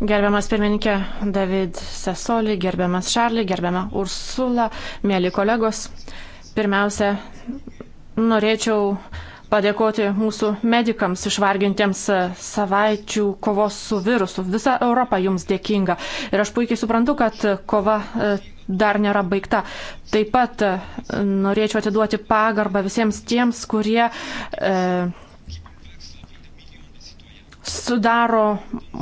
Gerbiamas pirmininkė David Sasoli, gerbiamas Šarli, gerbiama Ursula, mėly kolegos. Pirmiausia, norėčiau padėkoti mūsų medikams išvargintiems savaičių kovos su virusu. Visa Europa jums dėkinga. Ir aš puikiai suprantu, kad kova e, dar nėra baigta. Taip pat e, norėčiau atiduoti pagarbą visiems tiems, kurie. E, sudaro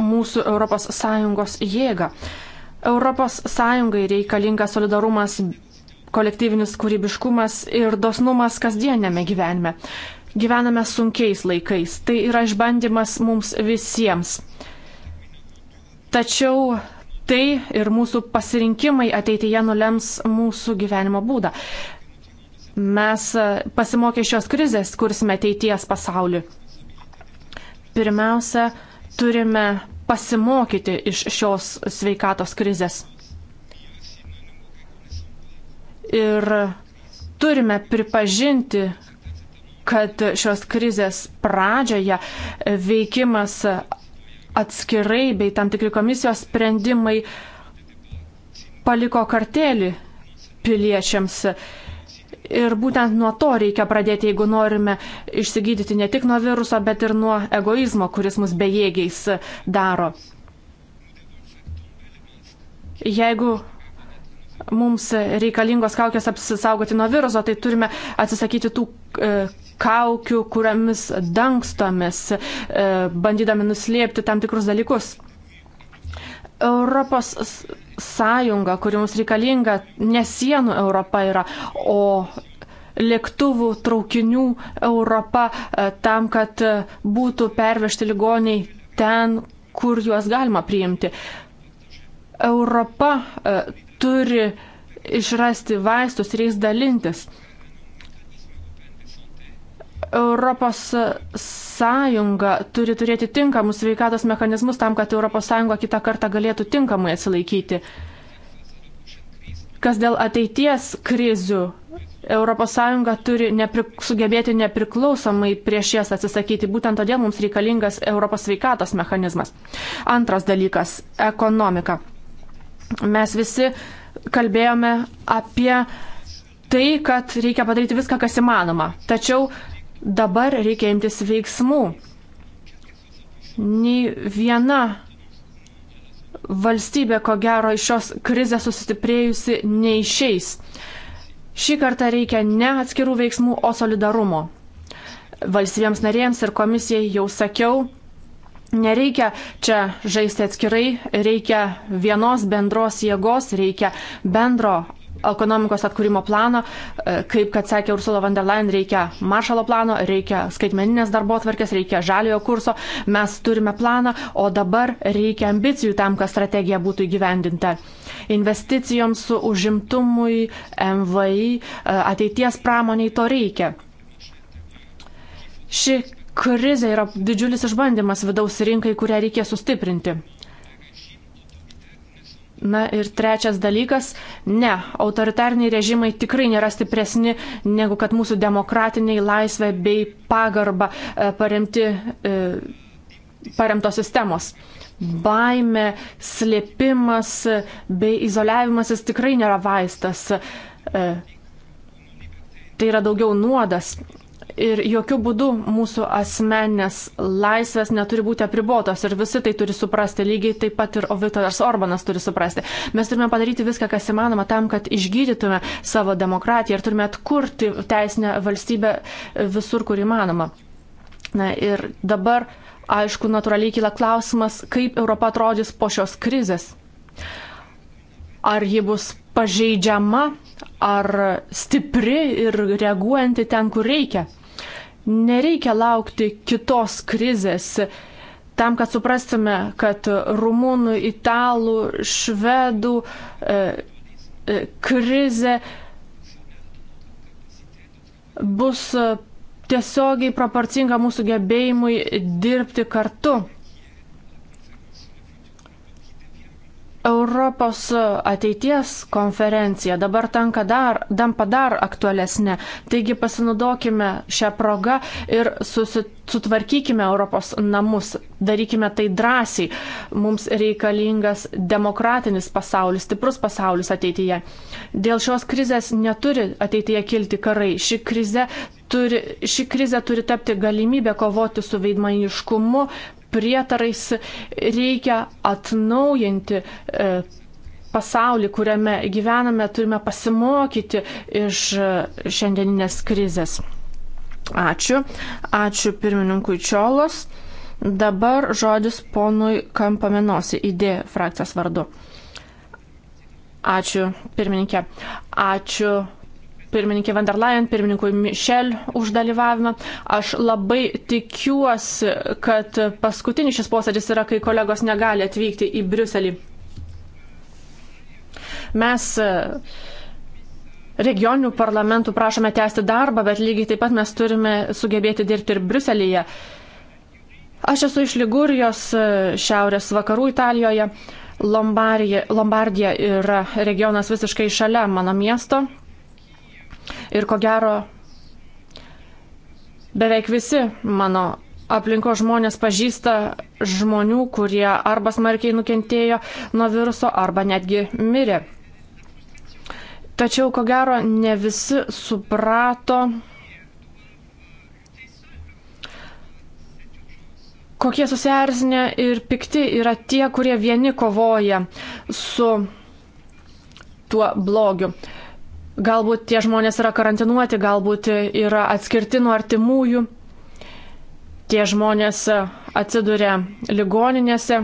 mūsų ES jėgą. ES reikalingas solidarumas, kolektyvinis kūrybiškumas ir dosnumas kasdienėme gyvenime. Gyvename sunkiais laikais. Tai yra išbandymas mums visiems. Tačiau tai ir mūsų pasirinkimai ateityje nulems mūsų gyvenimo būdą. Mes pasimokę šios krizės kursime ateities pasaulį. Pirmiausia, turime pasimokyti iš šios sveikatos krizės. Ir turime pripažinti, kad šios krizės pradžioje veikimas atskirai bei tam tikri komisijos sprendimai paliko kartelį piliečiams Ir būtent nuo to reikia pradėti, jeigu norime išsigydyti ne tik nuo viruso, bet ir nuo egoizmo, kuris mus bejėgiais daro. Jeigu mums reikalingos kaukės apsisaugoti nuo viruso, tai turime atsisakyti tų e, kaukių, kuriamis dangstomės, e, bandydami nuslėpti tam tikrus dalykus. Europos sąjunga, kuri mums reikalinga, ne sienų Europa yra, o lėktuvų, traukinių Europa e, tam, kad e, būtų pervežti ligoniai ten, kur juos galima priimti. Europa e, turi išrasti vaistus ir jais dalintis. Europos Sąjunga turi turėti tinkamus sveikatos mechanizmus tam, kad Europos Sąjunga kitą kartą galėtų tinkamai atsilaikyti. Kas dėl ateities krizių, Europos Sąjunga turi nepri, sugebėti nepriklausomai prieš jas atsisakyti. Būtent todėl mums reikalingas Europos sveikatos mechanizmas. Antras dalykas - ekonomika. Mes visi kalbėjome apie tai, kad reikia padaryti viską, kas įmanoma. Tačiau Dabar reikia imtis veiksmų. Nei viena valstybė, ko gero, iš šios krizės sustiprėjusi neišeis. Šį kartą reikia ne atskirų veiksmų, o solidarumo. Valstybėms narėms ir komisijai jau sakiau, nereikia čia žaisti atskirai, reikia vienos bendros jėgos, reikia bendro ekonomikos atkūrimo plano, e, kaip, kad sakė Ursula von der Leyen, reikia maršalo plano, reikia skaitmeninės darbo atvarkės, reikia žaliojo kurso, mes turime planą, o dabar reikia ambicijų tam, kad strategija būtų įgyvendinta. Investicijoms, užimtumui, MVI, e, ateities pramoniai to reikia. Ši krizė yra didžiulis išbandymas vidaus rinkai, kurią reikia sustiprinti. Na ir trečias dalykas - ne, autoritariniai režimai tikrai nėra stipresni negu kad mūsų demokratiniai laisvė bei pagarba e, paremti, e, paremtos sistemos. Baime, slėpimas e, bei izoliavimasis tikrai nėra vaistas. Tai yra daugiau nuodas. Ir jokių būdų mūsų asmenės laisvės neturi būti apribotos ir visi tai turi suprasti, lygiai taip pat ir Viktoras Orbanas turi suprasti. Mes turime padaryti viską, kas įmanoma tam, kad išgydytume savo demokratiją ir turime atkurti teisinę valstybę visur, kur įmanoma. Na ir dabar, aišku, natūraliai kyla klausimas, kaip Europa atrodys po šios krizės. Ar ji bus pažeidžiama, ar stipri ir reaguojanti ten, kur reikia. Nereikia laukti kitos krizės tam, kad suprastume, kad rumūnų, italų, švedų e, e, krizė bus tiesiogiai proporcinga mūsų gebėjimui dirbti kartu. Europos ateities konferencija dabar tenka dar, tampa dar aktualesnė. Taigi pasinaudokime šią progą ir susit, sutvarkykime Europos namus, darykime tai drąsiai. Mums reikalingas demokratinis pasaulis, stiprus pasaulis ateityje. Dėl šios krizės neturi ateityje kilti karai. Ši krize turi, ši krize turi tapti galimybę kovoti su veidmainiškumu, prietarais reikia atnaujinti e, pasaulį, kuriame gyvename, turime pasimokyti iš e, šiandieninės krizės. Ačiū. Ačiū pirmininkui Čiolos. Dabar žodis ponui Kampamenosi, idėja frakcijos vardu. Ačiū, pirmininkė. Ačiū pirmininkė van der Leyen, pirmininkui Mišel už dalyvavimą. Aš labai tikiuosi, kad paskutinis šis posėdis yra, kai kolegos negali atvykti į Briuselį. Mes e, regioninių parlamentų prašome tęsti darbą, bet lygiai taip pat mes turime sugebėti dirbti ir Briuselėje. Aš esu iš Ligurijos, e, šiaurės vakarų Italijoje. Lombardija, Lombardija yra regionas visiškai šalia mano miesto. Ir ko gero, beveik visi mano aplinko žmonės pažįsta žmonių, kurie arba smarkiai nukentėjo nuo viruso, arba netgi mirė. Tačiau, ko gero, ne visi suprato, kokie susierzinę ir pikti yra tie, kurie vieni kovoja su tuo blogiu. Galbūt tie žmonės yra karantinuoti, galbūt yra atskirti nuo artimųjų. Tie žmonės atsiduria ligoninėse,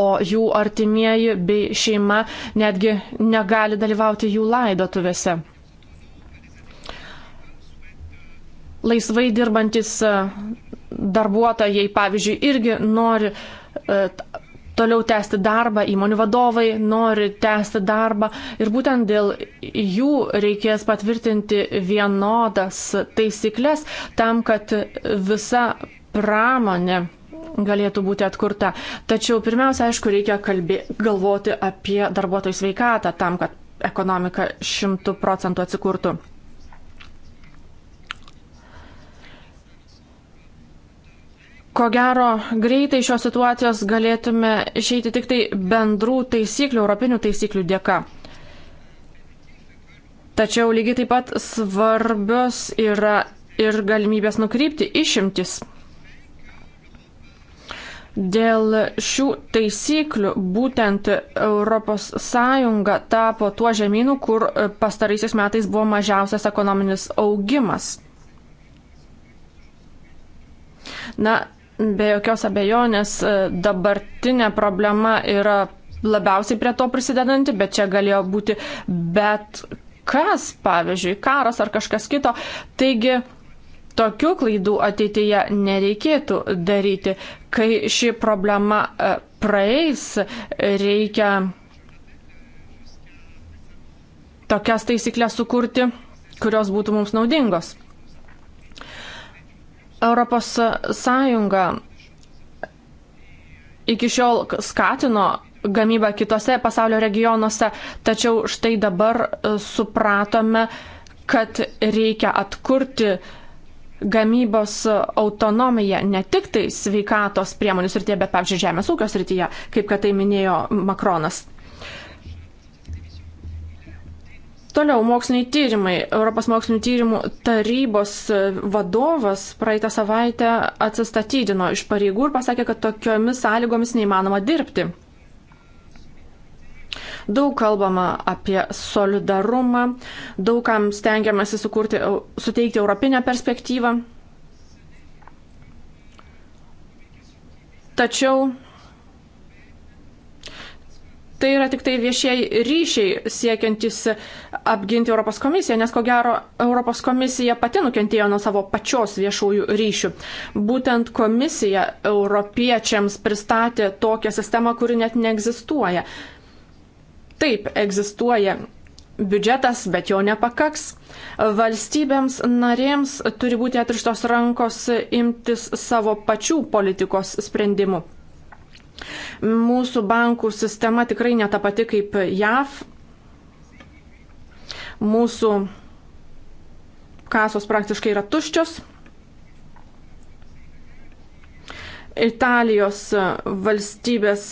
o jų artimieji bei šeima netgi negali dalyvauti jų laidotuvėse. Laisvai dirbantis darbuotojai, pavyzdžiui, irgi nori e, toliau tęsti darbą, įmonių vadovai nori tęsti darbą ir būtent dėl jų reikės patvirtinti vienodas taisyklės tam, kad visa pramonė galėtų būti atkurta. Tačiau pirmiausia, aišku, reikia kalbė, galvoti apie darbuotojų sveikatą tam, kad ekonomika šimtų procentų atsikurtų. Ko gero, greitai šios situacijos galėtume išeiti tik tai bendrų taisyklių, europinių taisyklių dėka. Tačiau lygiai taip pat svarbios yra ir galimybės nukrypti išimtis. Dėl šių taisyklių būtent ES tapo tuo žemynu, kur pastaraisiais metais buvo mažiausias ekonominis augimas. Na, Be jokios abejonės e, dabartinė problema yra labiausiai prie to prisidedanti, bet čia galėjo būti bet kas, pavyzdžiui, karas ar kažkas kito. Taigi, tokių klaidų ateityje nereikėtų daryti. Kai ši problema e, praeis, reikia tokias taisyklės sukurti, kurios būtų mums naudingos. Europos Sąjunga iki šiol skatino gamybą kitose pasaulio regionuose, tačiau štai dabar e, supratome, kad reikia atkurti gamybos autonomiją ne tik tai sveikatos priemonių srityje, bet pavyzdžiui žemės ūkio srityje, kaip kad tai minėjo Makronas. Toliau moksliniai tyrimai. Europos mokslinių tyrimų tarybos e, vadovas praeitą savaitę atsistatydino iš pareigų ir pasakė, kad tokiomis sąlygomis neįmanoma dirbti. Daug kalbama apie solidarumą, daugam stengiamasi sukurti, suteikti europinę perspektyvą. Tačiau tai yra tik tai viešieji ryšiai siekiantis apginti Europos komisiją, nes ko gero Europos komisija pati nukentėjo nuo savo pačios viešųjų ryšių. Būtent komisija europiečiams pristatė tokią sistemą, kuri net neegzistuoja. Taip, egzistuoja biudžetas, bet jo nepakaks. Valstybėms narėms turi būti atrištos rankos imtis savo pačių politikos sprendimų. Mūsų bankų sistema tikrai neta pati kaip JAV. Mūsų kasos praktiškai yra tuščios. Italijos valstybės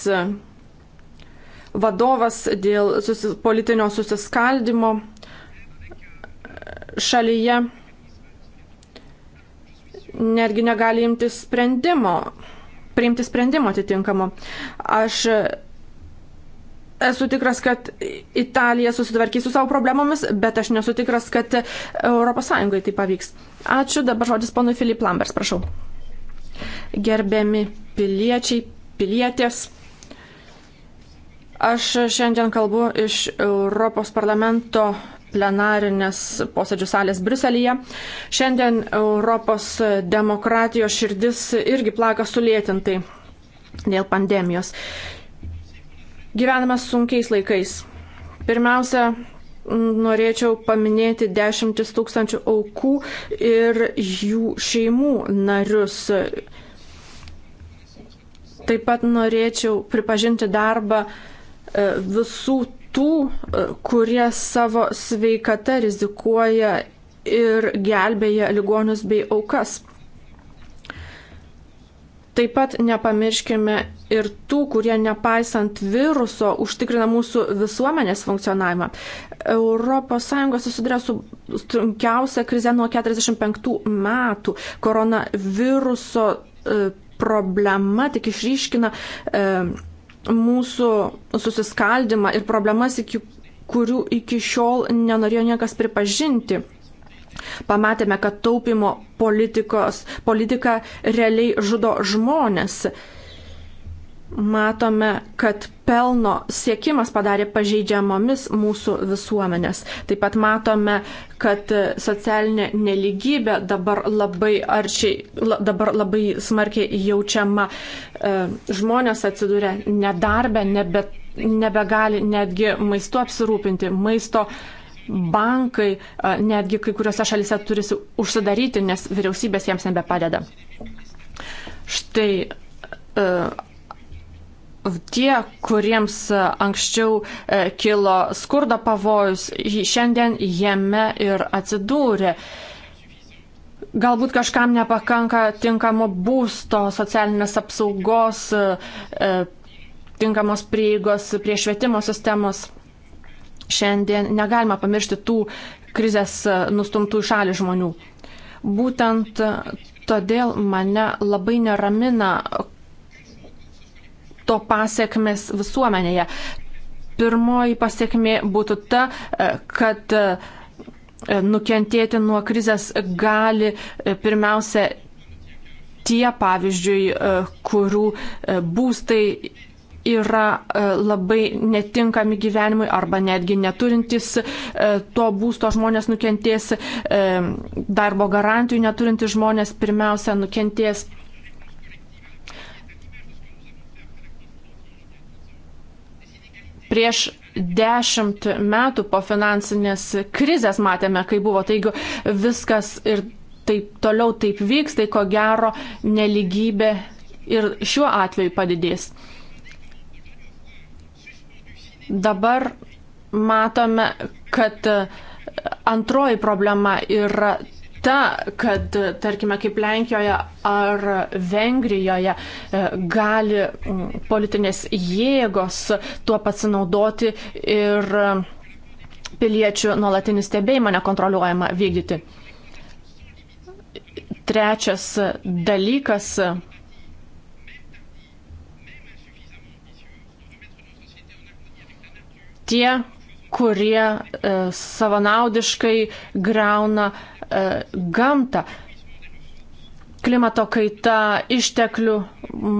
vadovas dėl susis, politinio susiskaldimo šalyje netgi negali imtis sprendimo priimti sprendimo atitinkamo. Aš e, esu tikras, kad Italija susitvarkys su savo problemomis, bet aš nesu tikras, kad ES tai pavyks. Ačiū, dabar žodis ponui Filip Lambers, prašau. Gerbiami piliečiai, pilietės. Aš šiandien kalbu iš Europos parlamento plenarinės posėdžių salės Bruselėje. Šiandien Europos demokratijos širdis irgi plaka sulėtintai dėl pandemijos. Gyvename sunkiais laikais. Pirmiausia, norėčiau paminėti dešimtis tūkstančių aukų ir jų šeimų narius. Taip pat norėčiau pripažinti darbą e, visų tų, e, kurie savo sveikata rizikuoja ir gelbėja ligonius bei aukas. Taip pat nepamirškime ir tų, kurie nepaisant viruso užtikrina mūsų visuomenės funkcionavimą. ES susiduria su trunkiausia krize nuo 45 metų. Koronaviruso e, problema tik išryškina e, mūsų susiskaldimą ir problemas, iki, kurių iki šiol nenorėjo niekas pripažinti. Pamatėme, kad taupimo politikos, politika realiai žudo žmonės matome, kad pelno siekimas padarė pažeidžiamomis mūsų visuomenės. Taip pat matome, kad socialinė neligybė dabar labai, aršiai, dabar labai smarkiai jaučiama. E, žmonės atsiduria nedarbę, nebe, nebegali netgi maistu apsirūpinti. Maisto bankai e, netgi kai kuriuose šalise turi užsidaryti, nes vyriausybės jiems nebepadeda. Štai e, tie, kuriems e, anksčiau e, kilo skurdo pavojus, šiandien jame ir atsidūrė. Galbūt kažkam nepakanka tinkamo būsto, socialinės apsaugos, e, tinkamos prieigos prie švietimo sistemos. Šiandien negalima pamiršti tų krizės nustumtų į šalį žmonių. Būtent todėl mane labai neramina to pasiekmes visuomenėje. Pirmoji pasiekmė būtų ta, e, kad e, nukentėti nuo krizės gali e, pirmiausia tie, pavyzdžiui, kurių būstai yra labai netinkami gyvenimui arba netgi neturintys to būsto žmonės nukentės, darbo garantijų neturintys žmonės pirmiausia nukentės prieš dešimt metų po finansinės krizės matėme, kai buvo. Taigi viskas ir taip toliau taip vyks, tai ko gero neligybė ir šiuo atveju padidės. Dabar matome, kad antroji problema yra ta, kad, tarkime, kaip Lenkijoje ar Vengrijoje e, gali politinės jėgos tuo pasinaudoti ir e, piliečių nuolatinį stebėjimą nekontroliuojama vykdyti. Trečias dalykas tie, kurie e, savanaudiškai greuna e, gamtą. Klimato kaita, išteklių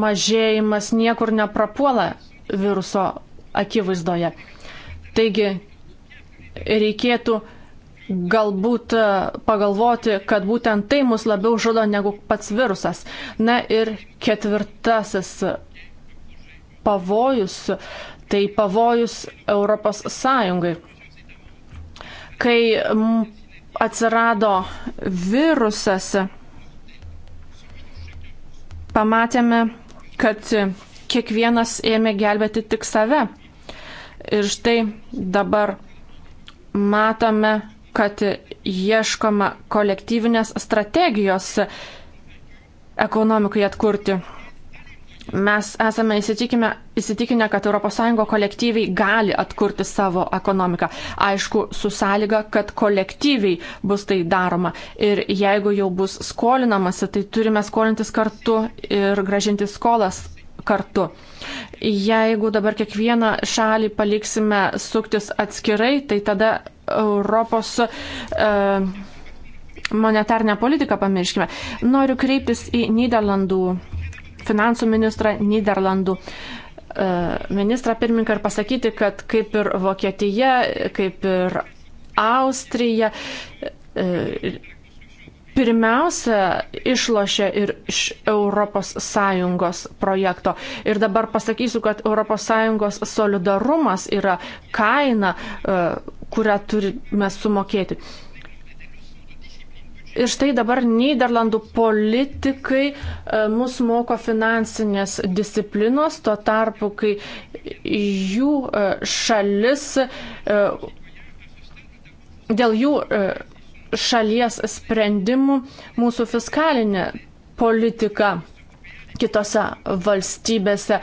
mažėjimas niekur neprapuola viruso akivaizdoje. Taigi reikėtų galbūt e, pagalvoti, kad būtent tai mus labiau žudo negu pats virusas. Na ir ketvirtasis pavojus Tai pavojus Europos Sąjungai. Kai atsirado virusas, pamatėme, kad kiekvienas ėmė gelbėti tik save. Ir štai dabar matome, kad ieškoma kolektyvinės strategijos ekonomikai atkurti. Mes esame įsitikinę, kad ES kolektyviai gali atkurti savo ekonomiką. Aišku, su sąlyga, kad kolektyviai bus tai daroma. Ir jeigu jau bus skolinamasi, tai turime skolintis kartu ir gražinti skolas kartu. Jeigu dabar kiekvieną šalį paliksime suktis atskirai, tai tada Europos. Uh, monetarnę politiką pamirškime. Noriu kreiptis į Niderlandų finansų ministrą, Niderlandų e, ministrą pirmininką ir pasakyti, kad kaip ir Vokietija, kaip ir Austrija, e, pirmiausia išlošia ir iš ES projekto. Ir dabar pasakysiu, kad ES solidarumas yra kaina, e, kurią turime sumokėti. Ir štai dabar Niderlandų politikai e, mus moko finansinės disciplinos, tuo tarpu, kai jų e, šalis, e, dėl jų šalies sprendimų mūsų fiskalinė politika kitose valstybėse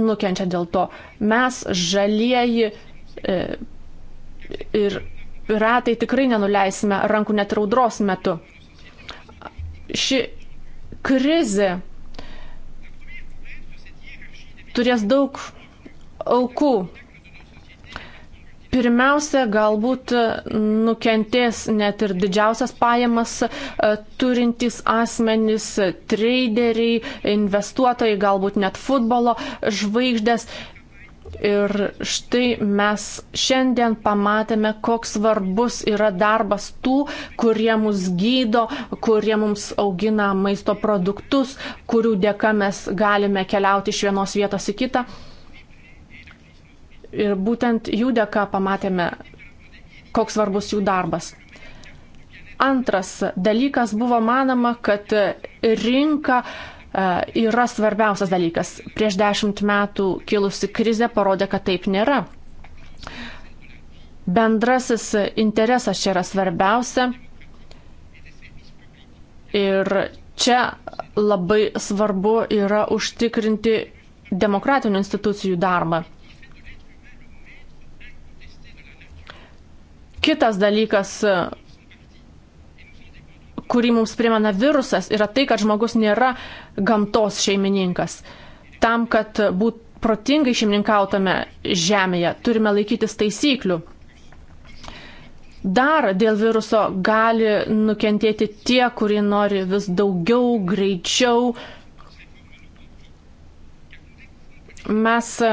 nukenčia dėl to. Mes žalieji ir piratai tikrai nenuleisime rankų net raudros metu. Ši krizė turės daug aukų. Pirmiausia, galbūt nukentės net ir didžiausias pajamas e, turintys asmenys, traderiai, investuotojai, galbūt net futbolo žvaigždės Ir štai mes šiandien pamatėme, koks svarbus yra darbas tų, kurie mus gydo, kurie mums augina maisto produktus, kurių dėka mes galime keliauti iš vienos vietos į kitą. Ir būtent jų dėka pamatėme, koks svarbus jų darbas. Antras dalykas buvo manoma, kad rinka E, yra svarbiausias dalykas. Prieš dešimt metų kilusi krizė parodė, kad taip nėra. Bendrasis interesas čia yra svarbiausia. Ir čia labai svarbu yra užtikrinti demokratinių institucijų darbą. Kitas dalykas, kurį mums primena virusas, yra tai, kad žmogus nėra gamtos šeimininkas. Tam, kad būt protingai šeimininkautame žemėje, turime laikytis taisyklių. Dar dėl viruso gali nukentėti tie, kurie nori vis daugiau, greičiau. Mes e,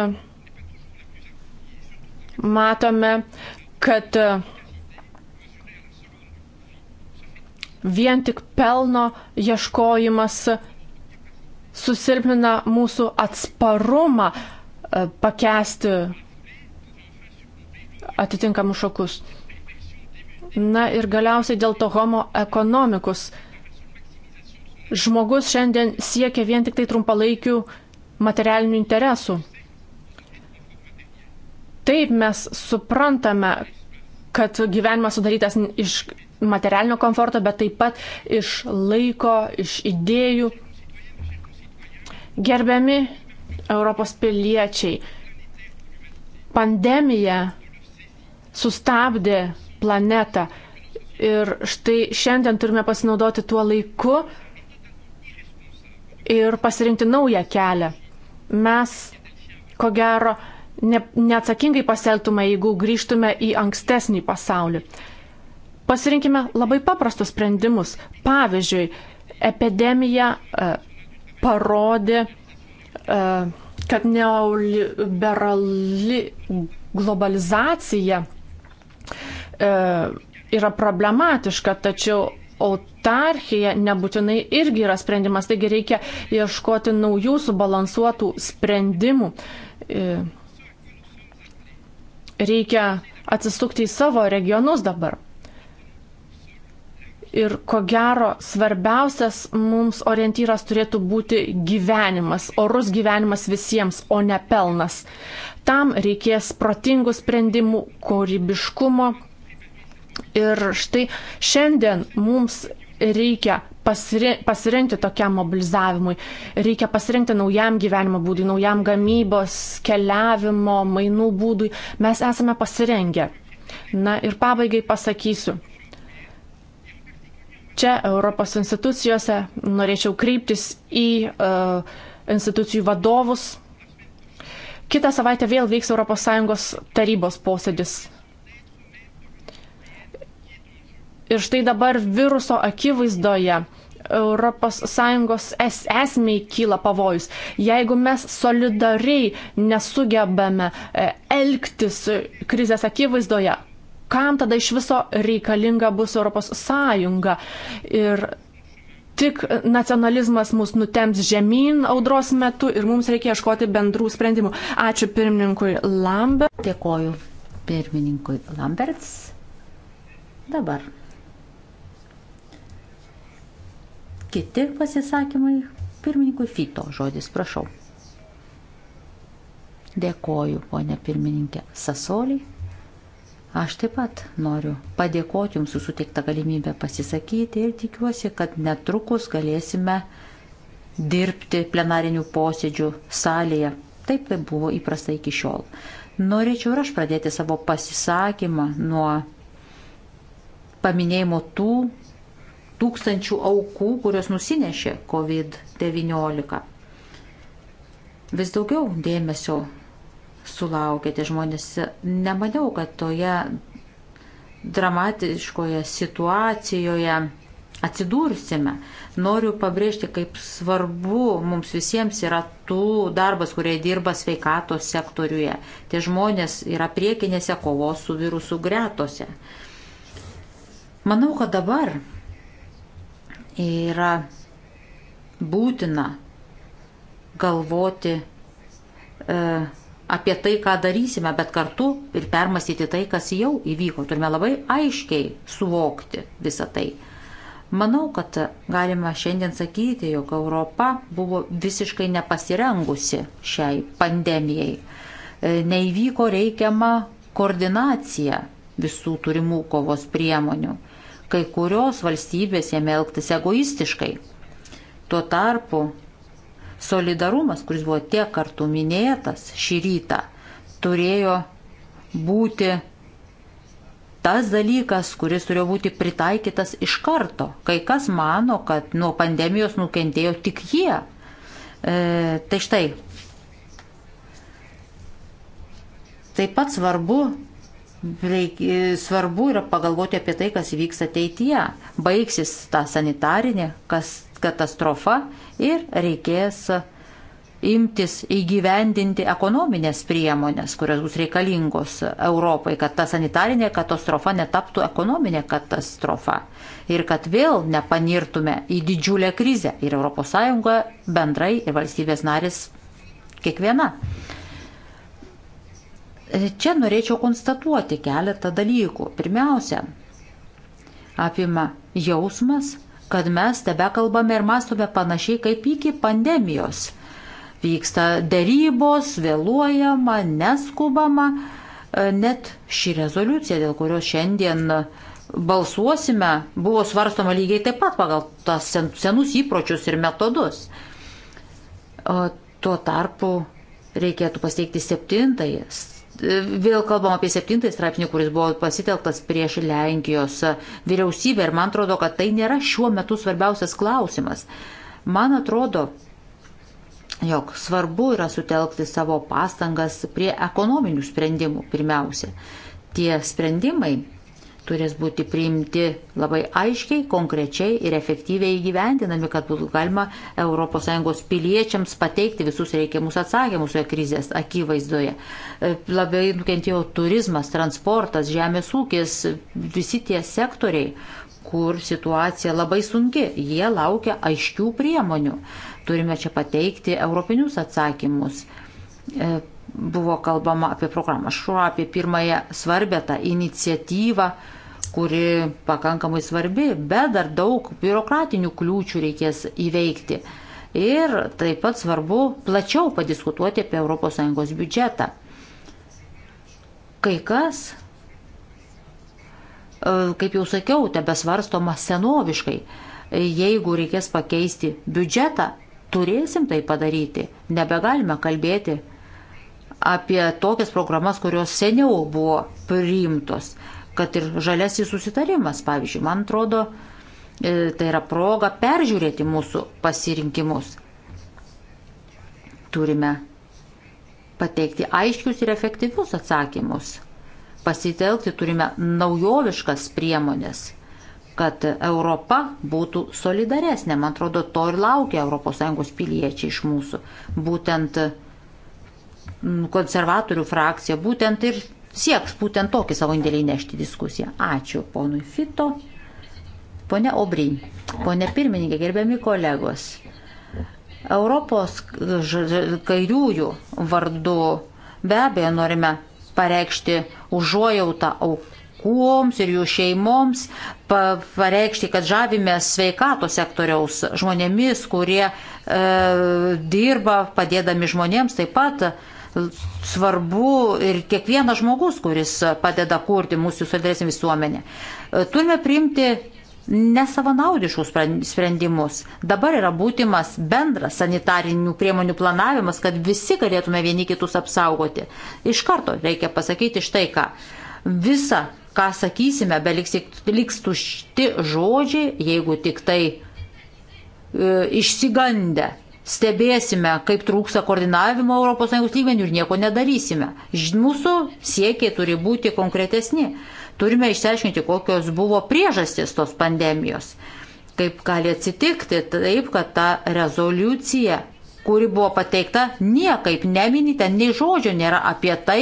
matome, kad e, vien tik pelno ieškojimas susilpnina mūsų atsparumą e, pakesti atitinkamus šokus. Na ir galiausiai dėl to homo ekonomikus. Žmogus šiandien siekia vien tik tai trumpalaikių materialinių interesų. Taip mes suprantame, kad gyvenimas sudarytas iš materialinio komforto, bet taip pat iš laiko, iš idėjų. Gerbiami Europos piliečiai, pandemija sustabdė planetą ir štai šiandien turime pasinaudoti tuo laiku ir pasirinkti naują kelią. Mes, ko gero, ne, neatsakingai pasielgtume, jeigu grįžtume į ankstesnį pasaulį. Pasirinkime labai paprastus sprendimus. Pavyzdžiui, epidemija e, parodė, e, kad neoliberali globalizacija e, yra problematiška, tačiau autarchija nebūtinai irgi yra sprendimas, taigi reikia ieškoti naujų subalansuotų sprendimų. E, reikia atsisukti į savo regionus dabar. Ir ko gero svarbiausias mums orientyras turėtų būti gyvenimas, orus gyvenimas visiems, o ne pelnas. Tam reikės protingų sprendimų, kūrybiškumo. Ir štai šiandien mums reikia pasirinkti tokiam mobilizavimui. Reikia pasirinkti naujam gyvenimo būdui, naujam gamybos, keliavimo, mainų būdui. Mes esame pasirengę. Na ir pabaigai pasakysiu, Čia Europos institucijose norėčiau kreiptis į uh, institucijų vadovus. Kitą savaitę vėl vyks ES tarybos posėdis. Ir štai dabar viruso akivaizdoje ES es, esmiai kyla pavojus. Jeigu mes solidariai nesugebame e, elgtis krizės akivaizdoje, kam tada iš viso reikalinga bus Europos Sąjunga. Ir tik nacionalizmas mus nutems žemyn audros metu ir mums reikia ieškoti bendrų sprendimų. Ačiū pirmininkui Lambert. Dėkoju pirmininkui Lamberts. Dabar. Kiti pasisakymai. Pirmininkui Fito žodis, prašau. Dėkoju, ponė pirmininkė Sasoliai. Aš taip pat noriu padėkoti Jums už suteiktą galimybę pasisakyti ir tikiuosi, kad netrukus galėsime dirbti plenarinių posėdžių salėje, taip kaip buvo įprasta iki šiol. Norėčiau ir aš pradėti savo pasisakymą nuo paminėjimo tų tūkstančių aukų, kurios nusinešė COVID-19. Vis daugiau dėmesio sulaukėte žmonės. Nemaniau, kad toje dramatiškoje situacijoje atsidursime. Noriu pabrėžti, kaip svarbu mums visiems yra tų darbas, kurie dirba sveikatos sektoriuje. Tie žmonės yra priekinėse kovos su virusu gretose. Manau, kad dabar yra būtina galvoti e, apie tai, ką darysime, bet kartu ir permastyti tai, kas jau įvyko. Turime labai aiškiai suvokti visą tai. Manau, kad galima šiandien sakyti, jog Europa buvo visiškai nepasirengusi šiai pandemijai. E, neįvyko reikiama koordinacija visų turimų kovos priemonių. Kai kurios valstybės jame elgtis egoistiškai. Tuo tarpu Solidarumas, kuris buvo tiek kartų minėtas šį rytą, turėjo būti tas dalykas, kuris turėjo būti pritaikytas iš karto. Kai kas mano, kad nuo pandemijos nukentėjo tik jie. E, tai štai. Taip pat svarbu, reik, e, svarbu yra pagalvoti apie tai, kas vyks ateityje. Baigsis ta sanitarinė, kas katastrofa ir reikės imtis įgyvendinti ekonominės priemonės, kurios bus reikalingos Europai, kad ta sanitarinė katastrofa netaptų ekonominė katastrofa ir kad vėl nepanirtume į didžiulę krizę ir ES bendrai ir valstybės narės kiekviena. Čia norėčiau konstatuoti keletą dalykų. Pirmiausia, apima jausmas, kad mes tebe kalbame ir mąstome panašiai kaip iki pandemijos. Vyksta dėrybos, vėluojama, neskubama, e, net ši rezoliucija, dėl kurios šiandien balsuosime, buvo svarstoma lygiai taip pat pagal tas senus įpročius ir metodus. O e, tuo tarpu reikėtų pasteikti septintąjį Vėl kalbam apie septintąjį straipsnį, kuris buvo pasitelktas prieš Lenkijos vyriausybę ir man atrodo, kad tai nėra šiuo metu svarbiausias klausimas. Man atrodo, jog svarbu yra sutelkti savo pastangas prie ekonominių sprendimų pirmiausia. Tie sprendimai turės būti priimti labai aiškiai, konkrečiai ir efektyviai įgyvendinami, kad būtų galima ES piliečiams pateikti visus reikiamus atsakymus šioje krizės akivaizdoje. E, labai nukentėjo turizmas, transportas, žemės ūkis, visi tie sektoriai, kur situacija labai sunki, jie laukia aiškių priemonių. Turime čia pateikti europinius atsakymus e, buvo kalbama apie programą Šuo, apie pirmąją svarbę tą iniciatyvą, kuri pakankamai svarbi, bet dar daug biurokratinių kliūčių reikės įveikti. Ir taip pat svarbu plačiau padiskutuoti apie ES biudžetą. Kai kas, e, kaip jau sakiau, tebesvarstoma senoviškai. Jeigu reikės pakeisti biudžetą, turėsim tai padaryti. Nebegalime kalbėti apie tokias programas, kurios seniau buvo priimtos kad ir žalesis susitarimas, pavyzdžiui, man atrodo, e, tai yra proga peržiūrėti mūsų pasirinkimus. Turime pateikti aiškius ir efektyvius atsakymus. Pasitelkti turime naujoviškas priemonės, kad Europa būtų solidaresnė. Man atrodo, to ir laukia ES piliečiai iš mūsų. Būtent mm, konservatorių frakcija, būtent ir sieks būtent tokį savo indėlį nešti diskusiją. Ačiū ponui Fito. Pone Obry, pone pirmininkė, gerbiami kolegos. Europos kairiųjų vardu be abejo norime pareikšti užuojautą aukoms ir jų šeimoms, pareikšti, kad žavimės sveikato sektoriaus žmonėmis, kurie e, dirba padėdami žmonėms, taip pat svarbu ir kiekvienas žmogus, kuris padeda kurti mūsų solidaresnį visuomenę. Turime priimti nesavanaudiškus sprendimus. Dabar yra būtimas bendras sanitarinių priemonių planavimas, kad visi galėtume vieni kitus apsaugoti. Iš karto reikia pasakyti štai ką. Visa, ką sakysime, beliks liks tušti žodžiai, jeigu tik tai e, išsigandę stebėsime, kaip trūksa koordinavimo ES lygmenių ir nieko nedarysime. Mūsų siekiai turi būti konkretesni. Turime išsiaiškinti, kokios buvo priežastis tos pandemijos. Kaip gali atsitikti taip, kad ta rezoliucija, kuri buvo pateikta, niekaip neminite, nei žodžio nėra apie tai,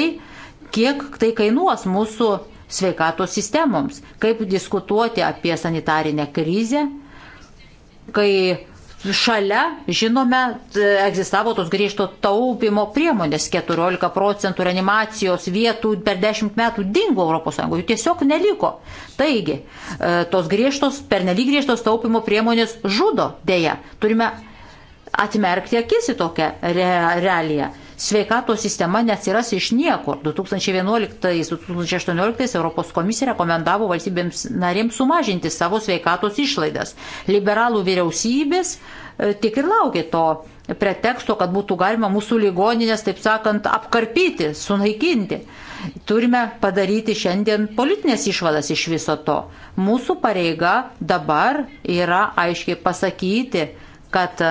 kiek tai kainuos mūsų sveikatos sistemoms, kaip diskutuoti apie sanitarinę krizę, kai šalia, žinome, egzistavo tos griežto taupimo priemonės. 14 procentų reanimacijos vietų per 10 metų dingo ES, jų tiesiog neliko. Taigi, e, tos griežtos, pernelyg griežtos taupimo priemonės žudo dėja. Turime atmerkti akis į tokią re realiją sveikato sistema nesiras iš niekur. 2011-2018 Europos komisija rekomendavo valstybėms narėms sumažinti savo sveikatos išlaidas. Liberalų vyriausybės e, tik ir laukia to preteksto, kad būtų galima mūsų ligoninės, taip sakant, apkarpyti, sunaikinti. Turime padaryti šiandien politinės išvadas iš viso to. Mūsų pareiga dabar yra aiškiai pasakyti, kad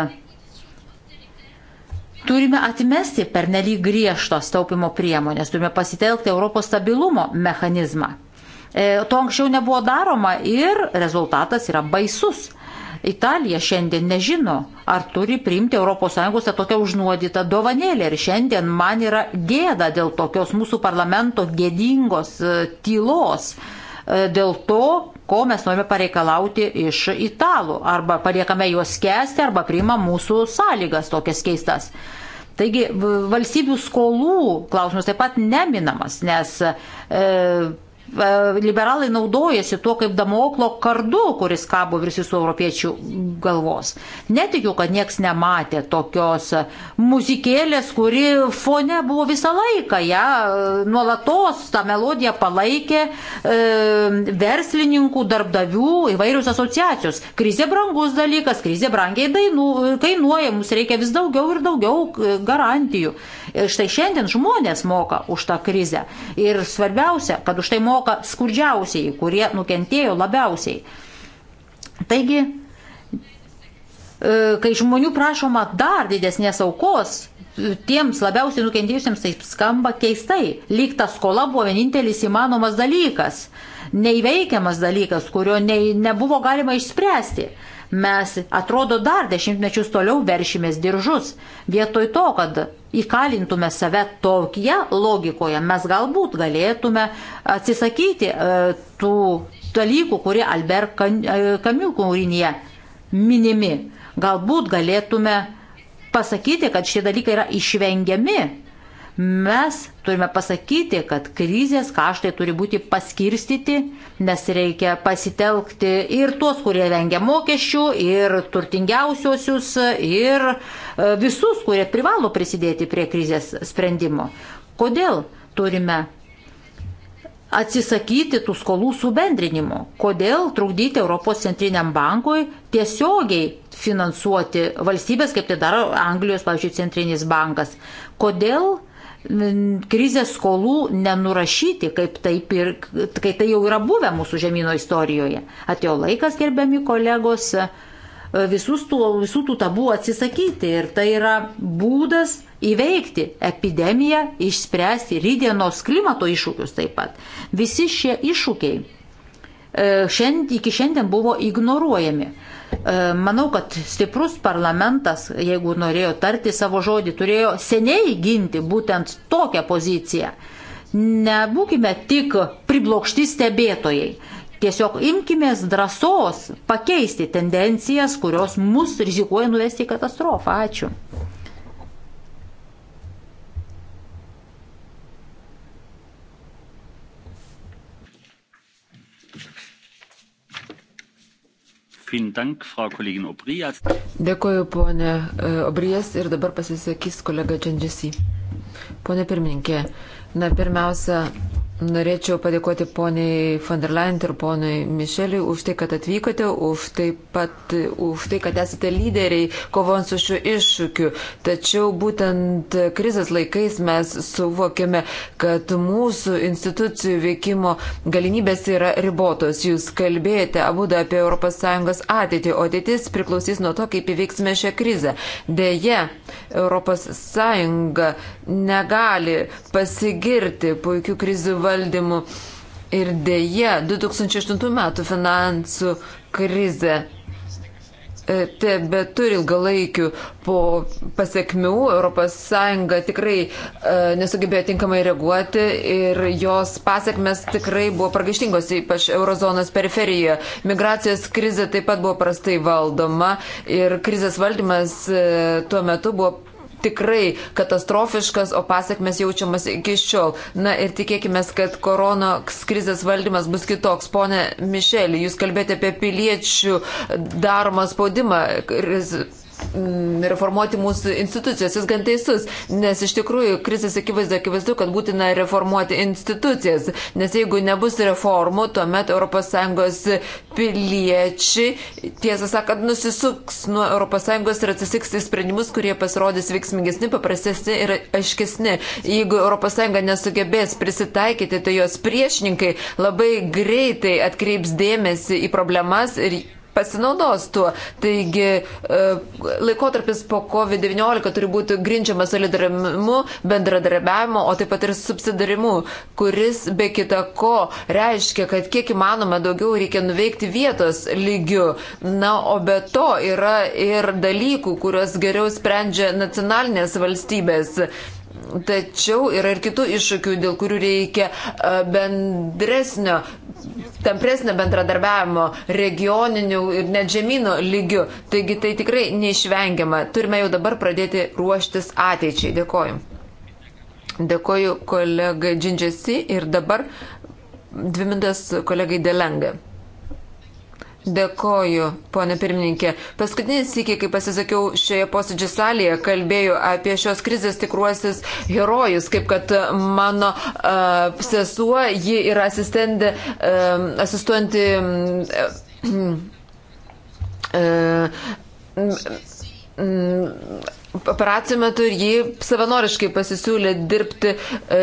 Turime atmesti pernelyg griežtos taupimo priemonės, turime pasitelkti Europos stabilumo mechanizmą. E, to anksčiau nebuvo daroma ir rezultatas yra baisus. Italija šiandien nežino, ar turi priimti ES tokią užnuodytą dovanėlę. Ir šiandien man yra gėda dėl tokios mūsų parlamento gėdingos e, tylos. E, E, dėl to, ko mes norime pareikalauti iš italų. Arba paliekame juos kesti, arba priima mūsų sąlygas tokias keistas. Taigi valstybių skolų klausimas taip pat neminamas, nes e, E, liberalai naudojasi tuo kaip damoklo kardu, kuris kabo virš visų europiečių galvos. Netikiu, kad nieks nematė tokios muzikėlės, kuri fone buvo visą laiką, ją ja, nuolatos tą melodiją palaikė e, verslininkų, darbdavių, įvairius asociacijos. Krizė brangus dalykas, krizė brangiai dainų, kainuoja, mums reikia vis daugiau ir daugiau e, garantijų. Ir e, štai šiandien žmonės moka už tą krizę. Ir svarbiausia, kad už tai moka skurdžiausiai, kurie nukentėjo labiausiai. Taigi, e, kai žmonių prašoma dar didesnės aukos, tiems labiausiai nukentėjusiems tai skamba keistai. Lyg ta skola buvo vienintelis įmanomas dalykas, neįveikiamas dalykas, kurio ne, nebuvo galima išspręsti. Mes atrodo dar dešimtmečius toliau veršimės diržus. Vietoj to, kad įkalintume save tokie logikoje, mes galbūt galėtume atsisakyti e, tų dalykų, kurie Albert Kamil e, kūrinėje minimi. Galbūt galėtume pasakyti, kad šie dalykai yra išvengiami Mes turime pasakyti, kad krizės kaštai turi būti paskirstyti, nes reikia pasitelkti ir tuos, kurie vengia mokesčių, ir turtingiausiosius, ir e, visus, kurie privalo prisidėti prie krizės sprendimo. Kodėl turime atsisakyti tų skolų subendrinimo. Kodėl trukdyti Europos centriniam bankui tiesiogiai finansuoti valstybės, kaip tai daro Anglijos, pavyzdžiui, centrinis bankas? Kodėl mm, krizės skolų nenurašyti, kaip taip ir, kai tai jau yra buvę mūsų žemynų istorijoje? Atėjo laikas, gerbiami kolegos, visus tų, visų tų tabų atsisakyti. Ir tai yra būdas įveikti epidemiją, išspręsti rydienos klimato iššūkius taip pat. Visi šie iššūkiai e, šiand, iki šiandien buvo ignoruojami. E, manau, kad stiprus parlamentas, jeigu norėjo tarti savo žodį, turėjo seniai ginti būtent tokią poziciją. Nebūkime tik priblokšti stebėtojai. Tiesiog imkimės drąsos pakeisti tendencijas, kurios mus rizikuoja nuvesti į katastrofą. Ačiū. Dėkuoju, ponė e, Obrijas, ir dabar pasisakys kolega Čendžiasi. Pone pirmininkė, na pirmiausia, Norėčiau padėkoti poniai von der Leyen ir poniai Mišeliui už tai, kad atvykote, už, taip pat, už tai, kad esate lyderiai kovant su šiuo iššūkiu. Tačiau būtent krizės laikais mes suvokėme, kad mūsų institucijų veikimo galimybės yra ribotos. Jūs kalbėjote abu apie ES ateitį, o ateitis priklausys nuo to, kaip įveiksime šią krizę. Deja, ES negali pasigirti puikių krizių valdymu. Ir dėje 2008 metų finansų krize tebe turi ilgalaikių po pasiekmių. ES tikrai e, nesugebėjo tinkamai reaguoti ir jos pasiekmes tikrai buvo pragaištingos, ypač eurozonos periferijoje. Migracijos krizė taip pat buvo prastai valdoma ir krizės valdymas e, tuo metu buvo tikrai katastrofiškas, o pasiekmes jaučiamas iki šiol. Na ir tikėkime, kad korona krizės valdymas bus kitoks. Pone Mišelį, jūs kalbėjote apie piliečių daromą spaudimą Mm, reformuoti mūsų institucijos. Jis gan teisus, nes iš tikrųjų krizės akivaizdu, akivaizdu, kad būtina reformuoti institucijas, nes jeigu nebus reformų, tuomet ES piliečiai, tiesą sakant, nusisuks nuo ES ir atsisiks į sprendimus, kurie pasirodys veiksmingesni, paprastesni ir aiškesni. Jeigu ES nesugebės prisitaikyti, tai jos priešininkai labai greitai atkreips dėmesį į problemas ir pasinaudos tuo. Taigi e, laikotarpis po COVID-19 turi būti grindžiamas solidarimu, bendradarbiavimu, o taip pat ir subsidarimu, kuris be kita ko reiškia, kad kiek įmanoma daugiau reikia nuveikti vietos lygiu. Na, o be to yra ir dalykų, kuriuos geriau sprendžia nacionalinės valstybės. Tačiau yra ir kitų iššūkių, dėl kurių reikia e, bendresnio, tampresnio bendradarbiavimo regioninių ir net žemynų lygių. Taigi tai tikrai neišvengiama. Turime jau dabar pradėti ruoštis ateičiai. Dėkoju. Dėkoju kolegai Džindžiasi ir dabar dvi minutės kolegai Delengai. Dėkoju, ponė pirmininkė. Paskutinis iki, kai pasisakiau šioje posėdžio salėje, kalbėjau apie šios krizės tikruosius herojus, kaip kad mano uh, sesuo, ji yra asistentė, uh, asistuojanti. Uh, uh, uh, operacijų metu ir ji savanoriškai pasisiūlė dirbti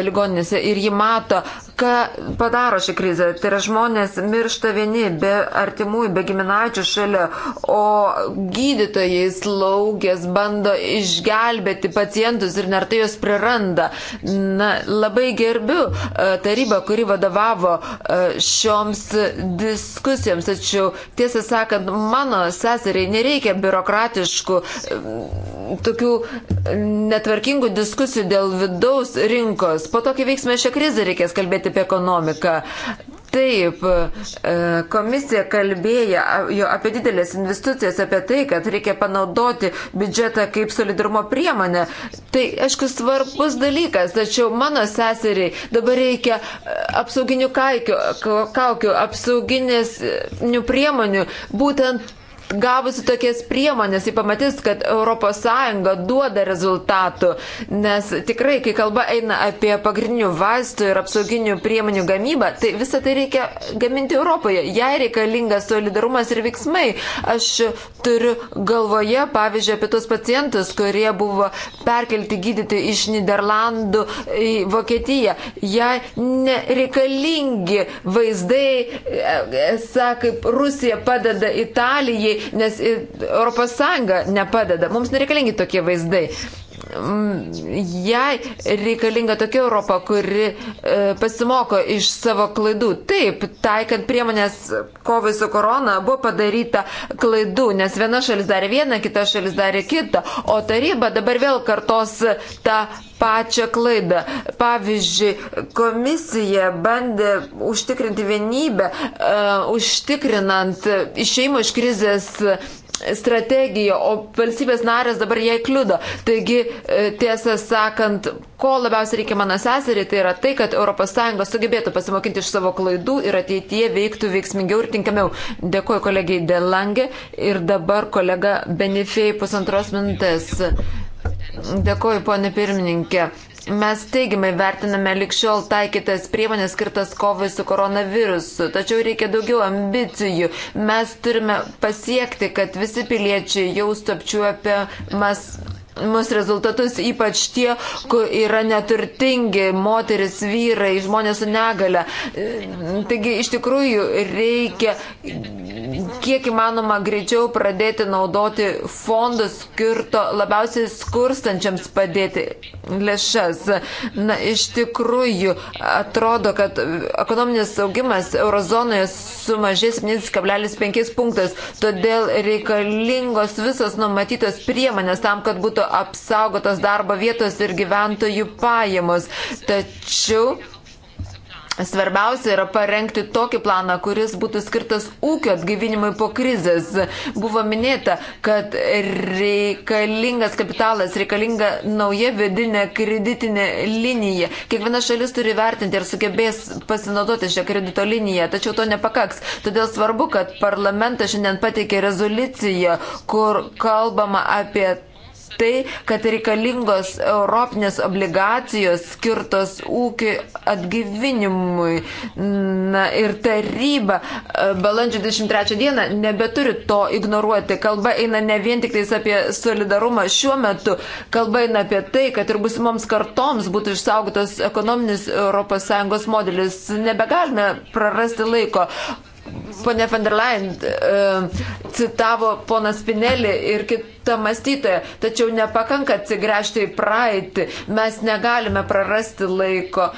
ligoninėse ir ji mato, ką padaro ši krizė. Tai yra žmonės miršta vieni, be artimųjų, be giminaičių šalia, o gydytojai slaugės bando išgelbėti pacientus ir nertai jos praranda. Na, labai gerbiu e, tarybą, kuri vadovavo e, šioms diskusijoms, tačiau tiesą sakant, mano seseriai nereikia biurokratiškų, e, tokių netvarkingų diskusijų dėl vidaus rinkos. Po to, kai veiksime šią krizę, reikės kalbėti apie ekonomiką. Taip, e, komisija kalbėjo apie didelės investicijas, apie tai, kad reikia panaudoti biudžetą kaip solidarumo priemonę. Tai, aišku, svarbus dalykas, tačiau mano seseriai dabar reikia e, apsauginių kaikių, kaukių, apsauginių priemonių. Būtent gavusi tokias priemonės, ji pamatys, kad ES duoda rezultatų, nes tikrai, kai kalba eina apie pagrindinių vaistų ir apsauginių priemonių gamybą, tai visą tai reikia gaminti Europoje. Jai reikalingas solidarumas ir veiksmai. Aš turiu galvoje, pavyzdžiui, apie tos pacientus, kurie buvo perkelti gydyti iš Niderlandų į Vokietiją. Jai nereikalingi vaizdai, e, e, esą kaip Rusija padeda Italijai nes ES nepadeda. Mums nereikalingi tokie vaizdai. Mm, jai reikalinga tokia Europa, kuri e, pasimoko iš savo klaidų. Taip, taikant priemonės kovai su korona buvo padaryta klaidų, nes viena šalis darė vieną, kita šalis darė kitą, o taryba dabar vėl kartos tą pačią klaidą. Pavyzdžiui, komisija bandė užtikrinti vienybę, uh, užtikrinant išeimo iš krizės strategija, o valstybės narės dabar jai kliudo. Taigi, e, tiesą sakant, ko labiausiai reikia mano seserį, tai yra tai, kad ES sugebėtų pasimokinti iš savo klaidų ir ateityje veiktų veiksmingiau ir tinkamiau. Dėkuoju kolegijai Delangė ir dabar kolega Benefėjai pusantros minutės. Dėkuoju, ponė pirmininkė. Mes teigiamai vertiname likščiol taikytas priemonės skirtas kovai su koronavirusu, tačiau reikia daugiau ambicijų. Mes turime pasiekti, kad visi piliečiai jaustų apčiuopę mas mus rezultatus, ypač tie, kur yra neturtingi moteris, vyrai, žmonės su negale. Taigi iš tikrųjų reikia kiek įmanoma greičiau pradėti naudoti fondus skirto labiausiai skurstančiams padėti lėšas. Na, iš tikrųjų atrodo, kad ekonominis augimas eurozonoje sumažės 7,5 punktas, todėl reikalingos visos numatytos priemonės tam, kad būtų apsaugotos darbo vietos ir gyventojų pajamos. Tačiau Svarbiausia yra parengti tokį planą, kuris būtų skirtas ūkio atgaivinimui po krizės. Buvo minėta, kad reikalingas kapitalas, reikalinga nauja vidinė kreditinė linija. Kiekviena šalis turi vertinti ir sugebės pasinaudoti šią kredito liniją, tačiau to nepakaks. Todėl svarbu, kad parlamentas šiandien pateikė rezoliuciją, kur kalbama apie tai, kad reikalingos europinės obligacijos skirtos ūkio atgyvinimui. Na, ir taryba e, balandžio 23 dieną nebeturi to ignoruoti. Kalba eina ne vien tik apie solidarumą šiuo metu, kalba eina apie tai, kad ir busimoms kartoms būtų išsaugotas ekonominis ES modelis. Nebegalime prarasti laiko. Pone van der Leyen uh, citavo poną Spinelį ir kitą mąstytoją, tačiau nepakanka atsigręžti į praeitį, mes negalime prarasti laiko,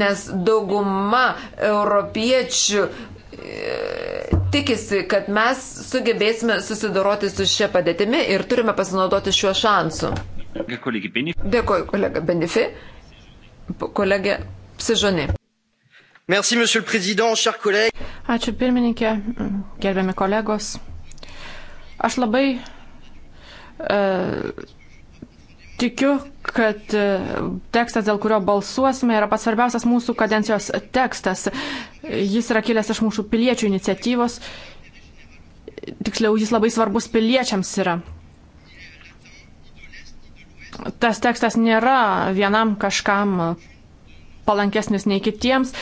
nes dauguma europiečių uh, tikisi, kad mes sugebėsime susidoroti su šia padėtimi ir turime pasinaudoti šiuo šansu. Dėkuoju, kolega Benifi. Kolegė Psižoni monsieur le président chers collègues ačiū pirmininke gerbiami kolegos aš labai e, Tikiu, kad e, tekstas, dėl kurio balsuosime, yra pats svarbiausias mūsų kadencijos tekstas. Jis yra kilęs iš mūsų piliečių iniciatyvos. Tiksliau, jis labai svarbus piliečiams yra. Tas tekstas nėra vienam kažkam palankesnis nei kitiems.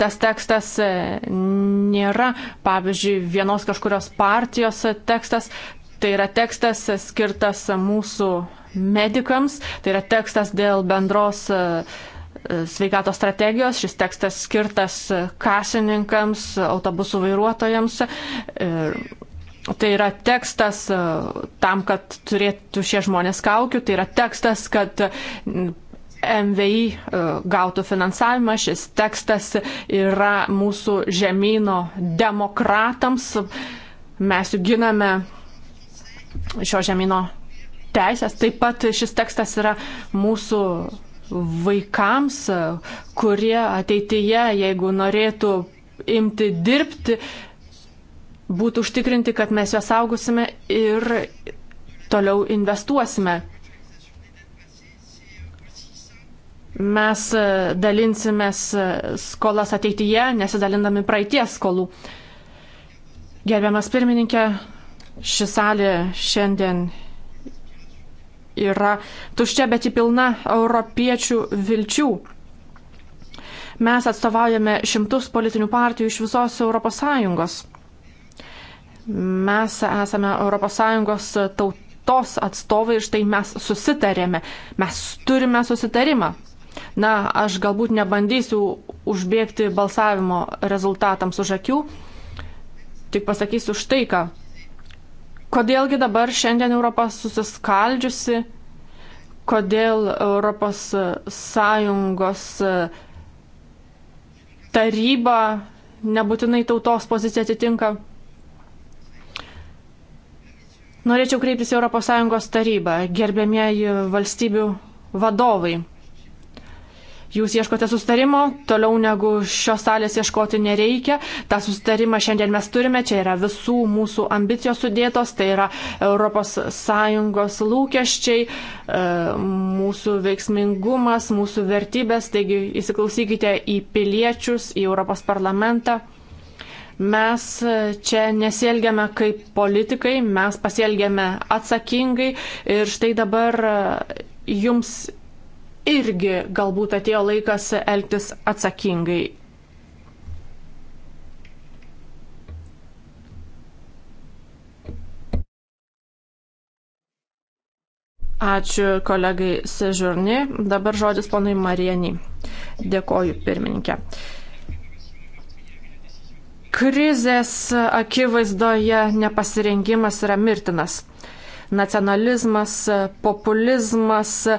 Tas tekstas e, nėra, pavyzdžiui, vienos kažkurios partijos tekstas. Tai yra tekstas skirtas mūsų medikams, tai yra tekstas dėl bendros e, e, sveikatos strategijos, šis tekstas skirtas kasininkams, autobusų vairuotojams. Ir tai yra tekstas tam, kad turėtų šie žmonės kaukių, tai yra tekstas, kad MVI e, gautų finansavimą. Šis tekstas yra mūsų žemynų demokratams. Mes jų giname šio žemynų teisės. Taip pat šis tekstas yra mūsų vaikams, kurie ateityje, jeigu norėtų imti dirbti, būtų užtikrinti, kad mes juos saugusime ir toliau investuosime Mes e, dalinsimės e, skolas ateityje, nesidalindami praeities skolų. Gerbiamas pirmininkė, ši salė šiandien yra tuščia, bet įpilna europiečių vilčių. Mes atstovaujame šimtus politinių partijų iš visos ES. Mes esame ES tautos atstovai ir štai mes susitarėme. Mes turime susitarimą. Na, aš galbūt nebandysiu užbėgti balsavimo rezultatams už akių, tik pasakysiu štai ką. Kodėlgi dabar šiandien Europa susiskaldžiusi, kodėl Europos Sąjungos taryba nebūtinai tautos pozicija atitinka. Norėčiau kreiptis į ES tarybą, gerbėmieji valstybių vadovai. Jūs ieškote sustarimo, toliau negu šios salės ieškoti nereikia. Ta sustarimą šiandien mes turime, čia yra visų mūsų ambicijos sudėtos, tai yra ES lūkesčiai, e, mūsų veiksmingumas, mūsų vertybės, taigi įsiklausykite į piliečius, į Europos parlamentą. Mes čia nesielgiame kaip politikai, mes pasielgiame atsakingai ir štai dabar e, jums irgi galbūt atėjo laikas elgtis atsakingai. Ačiū kolegai Sežurni. Dabar žodis ponui Marienį. Dėkoju, pirmininkė. Krizės akivaizdoje nepasirengimas yra mirtinas nacionalizmas, populizmas e,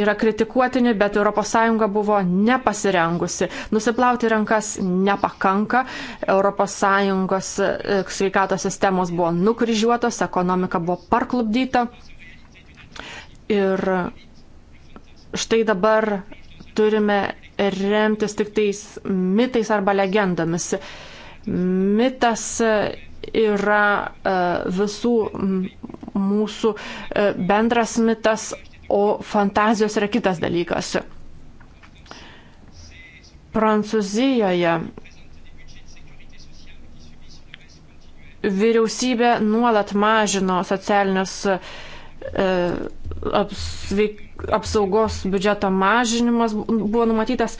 yra kritikuotini, bet ES buvo nepasirengusi. Nusiplauti rankas nepakanka, ES e, sveikatos sistemos buvo nukryžiuotos, ekonomika buvo parklubdyta. Ir štai dabar turime remtis tik tais mitais arba legendomis. Mitas yra e, visų mūsų e, bendras mitas, o fantazijos yra kitas dalykas. Prancūzijoje vyriausybė nuolat mažino socialinės e, apsveik, apsaugos biudžeto mažinimas buvo numatytas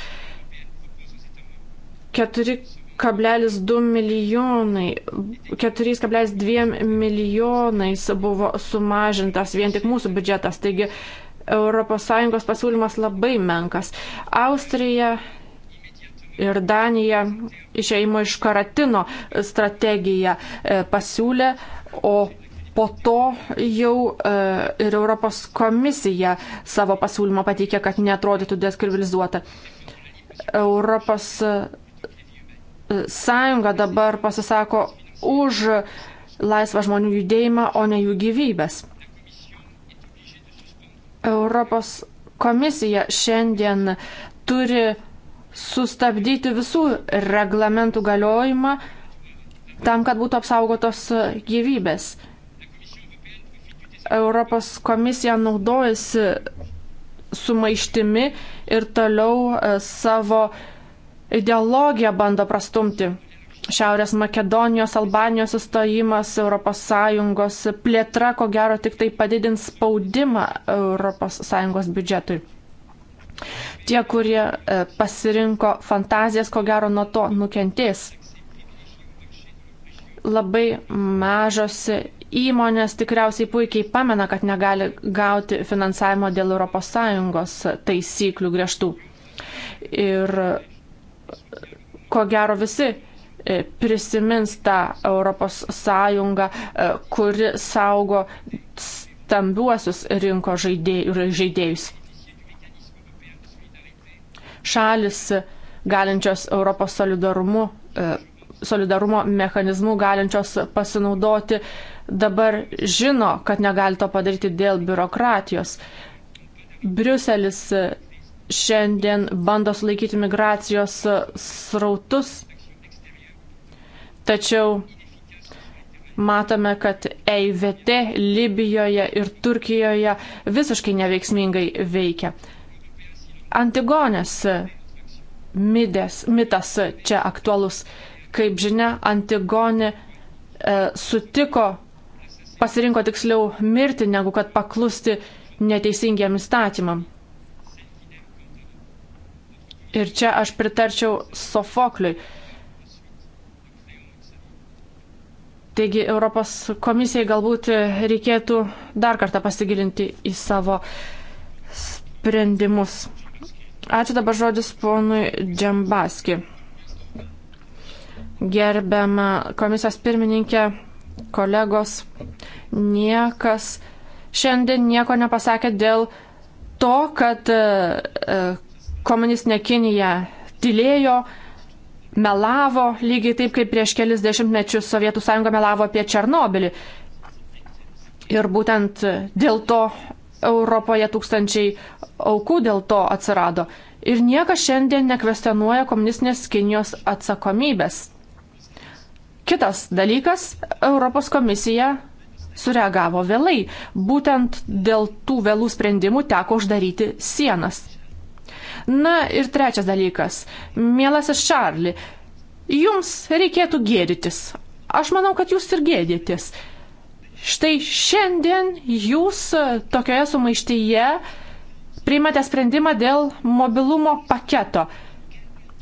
4 4,2 milijonai, 4,2 milijonais buvo sumažintas vien tik mūsų biudžetas, taigi ES pasiūlymas labai menkas. Austrija ir Danija išeimo iš karatino strategiją e, pasiūlė, o po to jau e, ir Europos komisija savo pasiūlymą pateikė, kad neatrodytų deskriminalizuota. Europos sąjunga dabar pasisako už laisvą žmonių judėjimą, o ne jų gyvybės. Europos komisija šiandien turi sustabdyti visų reglamentų galiojimą tam, kad būtų apsaugotos gyvybės. Europos komisija naudojasi sumaištimi ir toliau e, savo uh, ideologiją bando prastumti. Šiaurės Makedonijos, Albanijos įstojimas, ES plėtra, ko gero, tik tai padidins spaudimą ES biudžetui. Tie, kurie e, pasirinko fantazijas, ko gero, nuo to nukentės. Labai mažos įmonės tikriausiai puikiai pamena, kad negali gauti finansavimo dėl ES taisyklių griežtų. Ir ko gero visi e, prisimins tą Europos Sąjungą, e, kuri saugo stambiuosius rinko žaidėjus. Šalis galinčios Europos solidarumu, e, solidarumo mechanizmu galinčios pasinaudoti dabar žino, kad negali to padaryti dėl biurokratijos. Briuselis šiandien bando sulaikyti migracijos srautus. Tačiau matome, kad EIVT Libijoje ir Turkijoje visiškai neveiksmingai veikia. Antigonės midės, mitas čia aktualus. Kaip žinia, Antigonė e, sutiko, pasirinko tiksliau mirti, negu kad paklusti neteisingiem įstatymam. Ir čia aš pritarčiau Sofokliui. Taigi Europos komisijai galbūt reikėtų dar kartą pasigilinti į savo sprendimus. Ačiū dabar žodis ponui Džembaski. Gerbiama komisijos pirmininkė, kolegos, niekas šiandien nieko nepasakė dėl to, kad komunistinė Kinija tylėjo, melavo, lygiai taip kaip prieš kelis dešimtmečius Sovietų sąjunga melavo apie Černobilį. Ir būtent dėl to Europoje tūkstančiai aukų dėl to atsirado. Ir niekas šiandien nekvestionuoja komunistinės Kinijos atsakomybės. Kitas dalykas - Europos komisija sureagavo vėlai. Būtent dėl tų vėlų sprendimų teko uždaryti sienas. Na ir trečias dalykas. Mielasis Čarli, jums reikėtų gėdytis. Aš manau, kad jūs ir gėdėtės. Štai šiandien jūs tokioje sumaištyje priimate sprendimą dėl mobilumo paketo.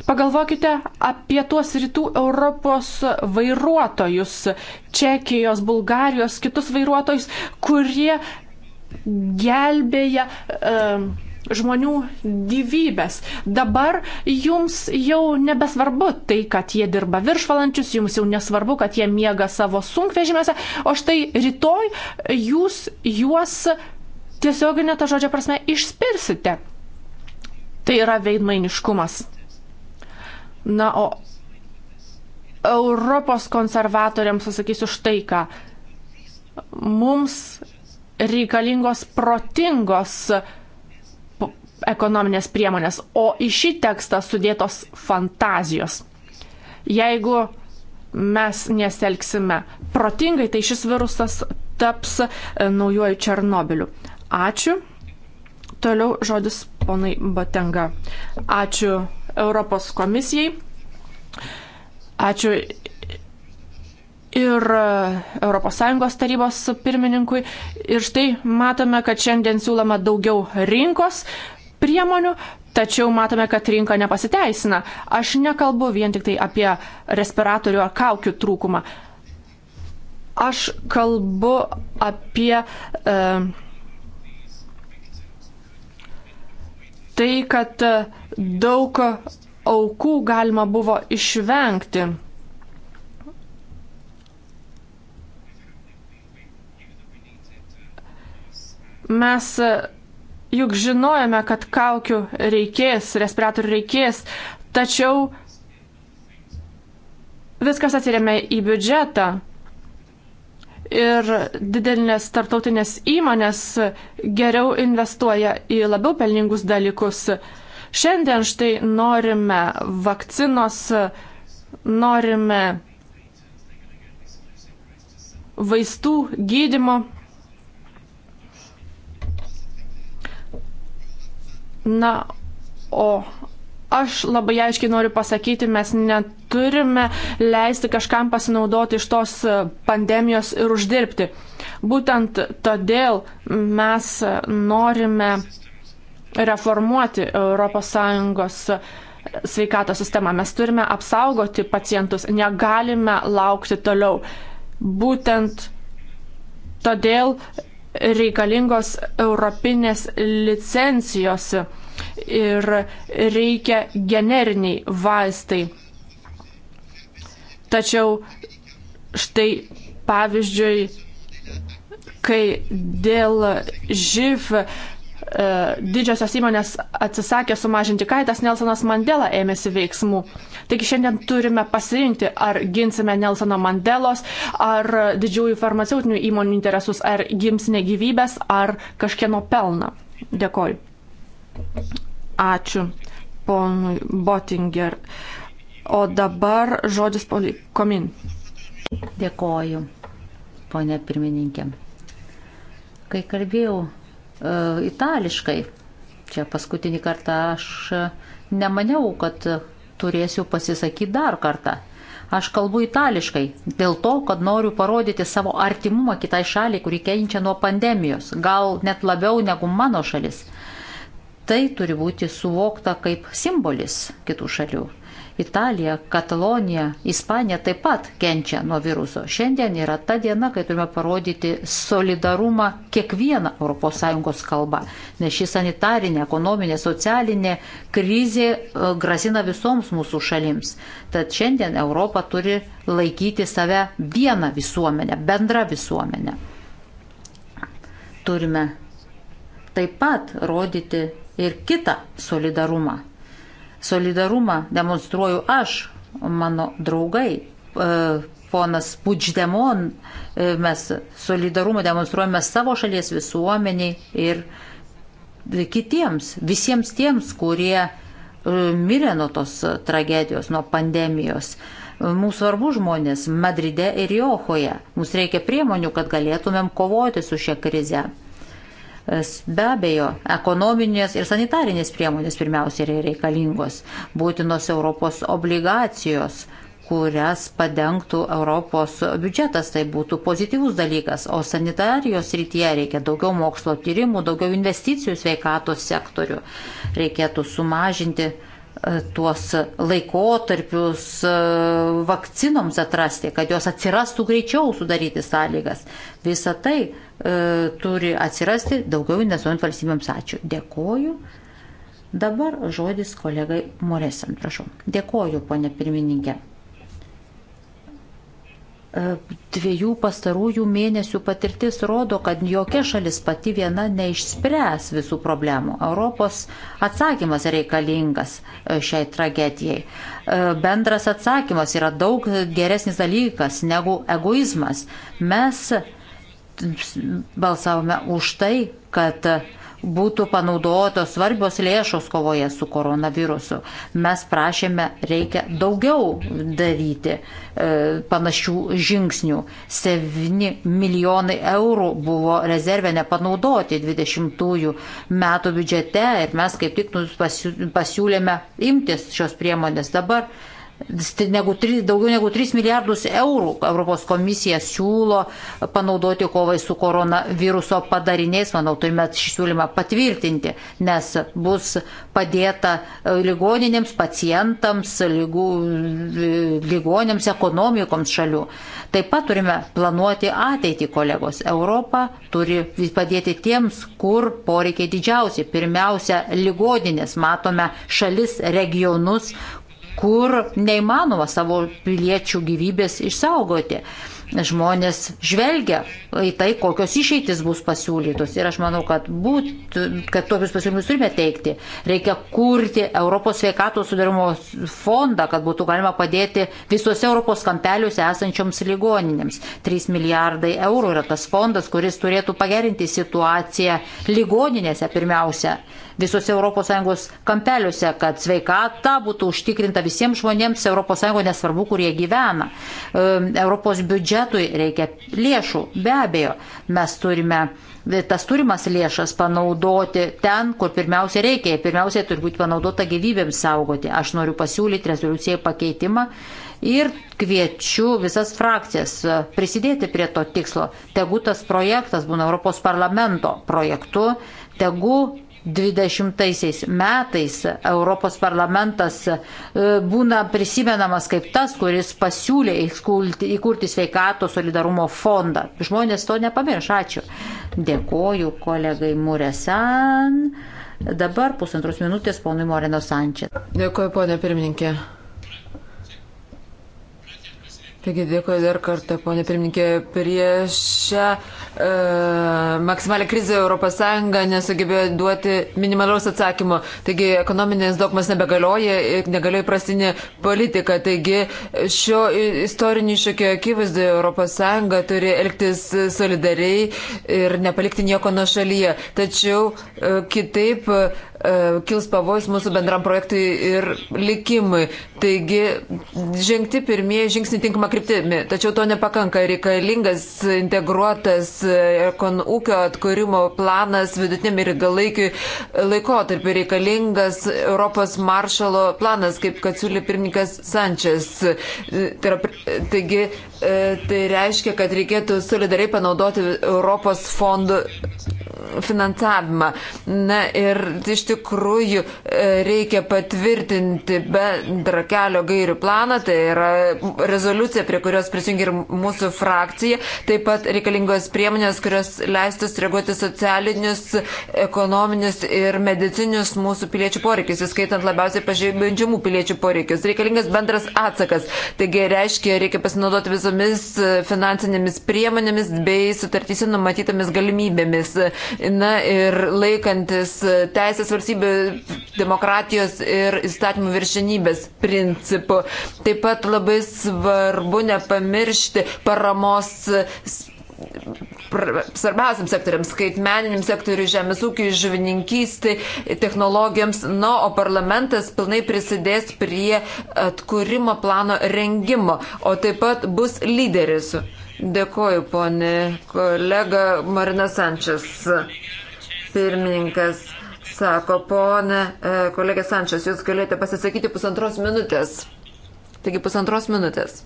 Pagalvokite apie tuos rytų Europos vairuotojus, Čekijos, Bulgarijos, kitus vairuotojus, kurie gelbėja. Uh, um, žmonių gyvybės. Dabar jums jau nebesvarbu tai, kad jie dirba viršvalandžius, jums jau nesvarbu, kad jie miega savo sunkvežimėse, o štai rytoj jūs juos tiesioginė ta žodžio prasme išspirsite. Tai yra veidmainiškumas. Na, o Europos konservatoriams pasakysiu štai ką. Mums reikalingos protingos uh, ekonominės priemonės, o į šį tekstą sudėtos fantazijos. Jeigu mes neselgsime protingai, tai šis virusas taps e, naujoju Černobiliu. Ačiū. Toliau žodis ponai Batenga. Ačiū Europos komisijai. Ačiū ir ES tarybos pirmininkui. Ir štai matome, kad šiandien siūloma daugiau rinkos, priemonių, tačiau matome, kad rinka nepasiteisina. Aš nekalbu vien tik tai apie respiratorių ar kaukių trūkumą. Aš kalbu apie e, tai, kad daug aukų galima buvo išvengti. Mes Juk žinojame, kad kaukių reikės, respiratorių reikės, tačiau viskas atsiriame į biudžetą. Ir didelinės tartautinės įmonės geriau investuoja į labiau pelningus dalykus. Šiandien štai norime vakcinos, norime vaistų gydimo Na, o aš labai aiškiai noriu pasakyti, mes neturime leisti kažkam pasinaudoti iš tos e, pandemijos ir uždirbti. Būtent todėl mes norime reformuoti ES e, sveikatos sistemą. Mes turime apsaugoti pacientus, negalime laukti toliau. Būtent todėl reikalingos europinės licencijos ir reikia generiniai vaistai. Tačiau štai pavyzdžiui, kai dėl živ E, didžiosios įmonės atsisakė sumažinti kaitas, Nelsonas Mandela ėmėsi veiksmų. Taigi šiandien turime pasirinkti, ar ginsime Nelsono Mandelos, ar didžiųjų farmaceutinių įmonių interesus, ar gimsime gyvybės, ar kažkieno pelną. Dėkoju. Ačiū, ponui Bottinger. O dabar žodis poli komin. Dėkoju, ponė pirmininkė. Kai kalbėjau E, itališkai. Čia paskutinį kartą aš e, nemaniau, kad turėsiu pasisakyti dar kartą. Aš kalbu itališkai dėl to, kad noriu parodyti savo artimumą kitai šaliai, kuri kenčia nuo pandemijos, gal net labiau negu mano šalis. Tai turi būti suvokta kaip simbolis kitų šalių. Italija, Katalonija, Ispanija taip pat kenčia nuo viruso. Šiandien yra ta diena, kai turime parodyti solidarumą kiekvieną ES kalbą, nes ši sanitarinė, ekonominė, socialinė krizė e, grasina visoms mūsų šalims. Tad šiandien Europa turi laikyti save vieną visuomenę, bendrą visuomenę. Turime taip pat rodyti ir kitą solidarumą Solidarumą demonstruoju aš, mano draugai. E, ponas Puigdemon, e, mes solidarumą demonstruojame savo šalies visuomeniai ir kitiems, visiems tiems, kurie e, mirė nuo tos tragedijos, nuo pandemijos. Mums svarbu žmonės Madride ir Johoje. Mums reikia priemonių, kad galėtumėm kovoti su šia krize. Be abejo, ekonominės ir sanitarinės priemonės pirmiausia yra reikalingos, būtinos Europos obligacijos kurias padengtų Europos biudžetas, tai būtų pozityvus dalykas. O sanitarijos rytyje reikia daugiau mokslo tyrimų, daugiau investicijų sveikatos sektorių. Reikėtų sumažinti uh, E, tuos laikotarpius e, vakcinoms atrasti, kad jos atsirastų greičiau sudaryti sąlygas. Visą tai e, turi atsirasti daugiau investuojant valstybėms. Ačiū. Dėkoju. Dabar žodis kolegai Moresan, prašau. Dėkoju, ponė pirmininkė. E, dviejų pastarųjų mėnesių patirtis rodo, kad jokia šalis pati viena neišspręs visų problemų. Europos atsakymas reikalingas e, šiai tragedijai. E, bendras atsakymas yra daug geresnis dalykas negu egoizmas. Mes balsavome už tai, kad uh, būtų panaudotos svarbios lėšos kovoje su koronavirusu. Mes prašėme, reikia daugiau daryti e, panašių žingsnių. 7 milijonai eurų buvo rezervė nepanaudoti 20 metų biudžete ir mes kaip tik nu pasiūlėme imtis šios priemonės dabar negu 3, daugiau negu 3 milijardus eurų Europos komisija siūlo panaudoti kovai su koronaviruso padariniais. Manau, turime šį siūlymą patvirtinti, nes bus padėta e, ligoninėms, pacientams, lygu, e, ligonėms, ekonomikoms šalių. Taip pat turime planuoti ateitį, kolegos. Europa turi padėti tiems, kur poreikiai didžiausi. Pirmiausia, ligoninės matome šalis, regionus, kur neįmanoma savo piliečių gyvybės išsaugoti. Žmonės žvelgia į tai, kokios išeitis bus pasiūlytos. Ir aš manau, kad, būt, kad tokius pasiūlymus turime teikti. Reikia kurti Europos sveikatos sudarimo fondą, kad būtų galima padėti visose Europos kampeliuose esančioms ligoninėms. 3 milijardai eurų yra tas fondas, kuris turėtų pagerinti situaciją ligoninėse pirmiausia visose ES kampeliuose, kad sveikata būtų užtikrinta visiems žmonėms ES, nesvarbu, kur jie gyvena. Europos biudžetui reikia lėšų, be abejo, mes turime tas turimas lėšas panaudoti ten, kur pirmiausia reikia. Pirmiausia, turi būti panaudota gyvybėms saugoti. Aš noriu pasiūlyti rezoliucijai pakeitimą ir kviečiu visas frakcijas e, prisidėti prie to tikslo. Tegu tas projektas būna Europos parlamento projektu, tegu 20 metais Europos parlamentas e, būna prisimenamas kaip tas, kuris pasiūlė įkurti sveikato solidarumo fondą. Žmonės to nepamirš. Ačiū. Dėkoju kolegai Muresan. Dabar pusantros minutės ponui Moreno Sančiat. Dėkoju, ponė pirmininkė. Taigi dėkuoju dar kartą, ponė pirmininkė, prieš šią e, maksimalę krizę ES nesugebėjo duoti minimalaus atsakymo. Taigi ekonominės dogmas nebegalioja ir negalioja prastinė politika. Taigi šio istorinio iššūkio akivaizdoje ES turi elgtis solidariai ir nepalikti nieko nuo šalyje. Tačiau e, kitaip. E, E, kils pavojus mūsų bendram projektui ir likimui. Taigi, žengti pirmieji žingsniai tinkama kryptimi, tačiau to nepakanka. Reikalingas integruotas e, ūkio atkūrimo planas vidutiniam ir galaikiui laikotarpiu. Reikalingas Europos maršalo planas, kaip kad siūlė pirmininkas Sančias. E, tai taigi, tai reiškia, kad reikėtų solidariai panaudoti Europos fondų finansavimą. Na ir iš tikrųjų e, reikia patvirtinti bendrą kelio gairių planą, tai yra rezoliucija, prie kurios prisijungia ir mūsų frakcija, taip pat reikalingos priemonės, kurios leistų reaguoti socialinius, ekonominius ir medicinius mūsų piliečių poreikius, įskaitant labiausiai pažeidžiamų piliečių poreikius. Reikalingas bendras atsakas. Taigi reiškia, reikia pasinaudoti visomis e, finansinėmis priemonėmis bei sutartysi numatytomis galimybėmis. Na ir laikantis teisės valstybių, demokratijos ir įstatymų viršenybės principų. Taip pat labai svarbu nepamiršti paramos svarbiausiam sektoriam - skaitmeniniam sektoriui, žemės ūkiui, žuvininkystai, technologijams. Na, no, o parlamentas pilnai prisidės prie atkūrimo plano rengimo, o taip pat bus lyderis. Dėkoju, ponė kolega Marina Sančias. Pirmininkas sako, ponė e, kolegė Sančias, jūs galite pasisakyti pusantros minutės. Taigi pusantros minutės.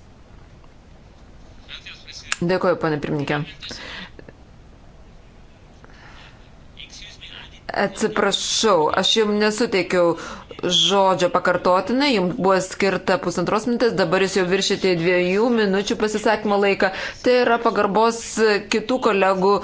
Dėkoju, ponė pirmininkė. Atsiprašau, aš jums nesuteikiau uh, žodžio pakartotinai, jums buvo skirta pusantros minutės, dabar jūs jau viršite dviejų minučių pasisakymo laiką. Tai yra pagarbos kitų kolegų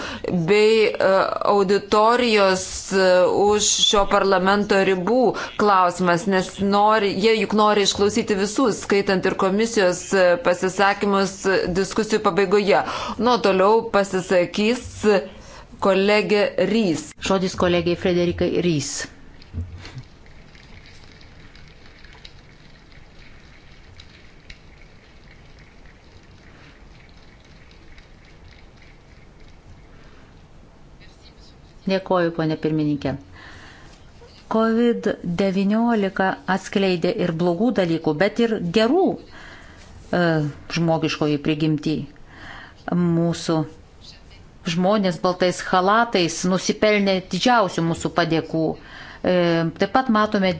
bei e, auditorijos e, už šio parlamento ribų klausimas, nes nori, jie juk nori išklausyti visus, skaitant ir komisijos e, pasisakymus diskusijų pabaigoje. Nuo toliau pasisakys kolegė Rys. Žodis kolegiai Frederikai Rys. Dėkoju, ponė pirmininkė. COVID-19 atskleidė ir blogų dalykų, bet ir gerų e, žmogiškoji prigimtį. Mūsų žmonės baltais halatais nusipelnė didžiausių mūsų padėkų. E, taip pat matome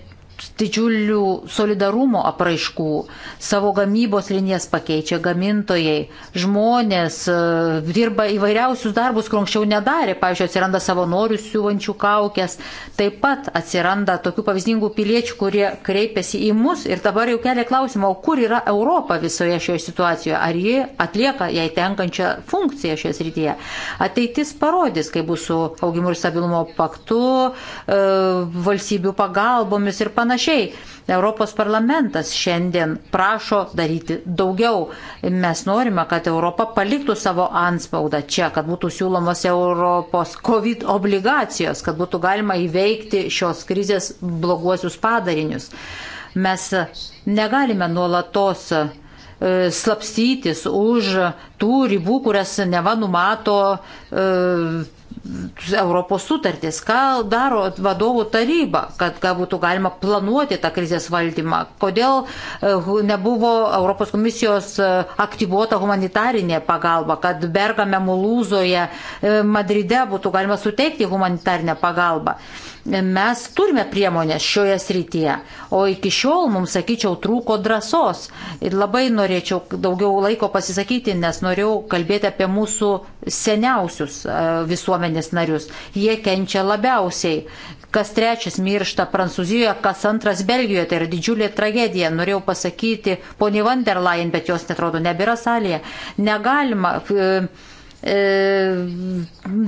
didžiulių solidarumo apraiškų. Savo gamybos linijas pakeičia gamintojai, žmonės e, dirba įvairiausius darbus, kur anksčiau nedarė. Pavyzdžiui, atsiranda savanorių siūvančių kaukės. Taip pat atsiranda tokių pavyzdingų piliečių, kurie kreipiasi į mus ir dabar jau kelia klausimą, o kur yra Europa visoje šioje situacijoje. Ar ji atlieka jai tenkančią funkciją šioje srityje. Ateitis parodys, kaip bus su augimu ir stabilumo paktu, e, valstybių pagalbomis ir panašiai panašiai. Europos parlamentas šiandien prašo daryti daugiau. Mes norime, kad Europa paliktų savo anspaudą čia, kad būtų siūlomos Europos COVID obligacijos, kad būtų galima įveikti šios krizės bloguosius padarinius. Mes negalime nuolatos e, slapstytis už tų ribų, kurias neva numato e, Europos sutartis, ką daro vadovų taryba, kad, kad būtų galima planuoti tą krizės valdymą, kodėl e, nebuvo Europos komisijos e, aktyvuota humanitarinė pagalba, kad Bergame, Mulūzoje, e, Madride būtų galima suteikti humanitarinę pagalbą. Mes turime priemonės šioje srityje, o iki šiol mums, sakyčiau, trūko drąsos. Ir labai norėčiau daugiau laiko pasisakyti, nes norėjau kalbėti apie mūsų seniausius visuomenės visuomenės narius. Jie kenčia labiausiai. Kas trečias miršta Prancūzijoje, kas antras Belgijoje. Tai yra didžiulė tragedija. Norėjau pasakyti poniai van der Leyen, bet jos netrodo nebėra salėje. Negalima. E, e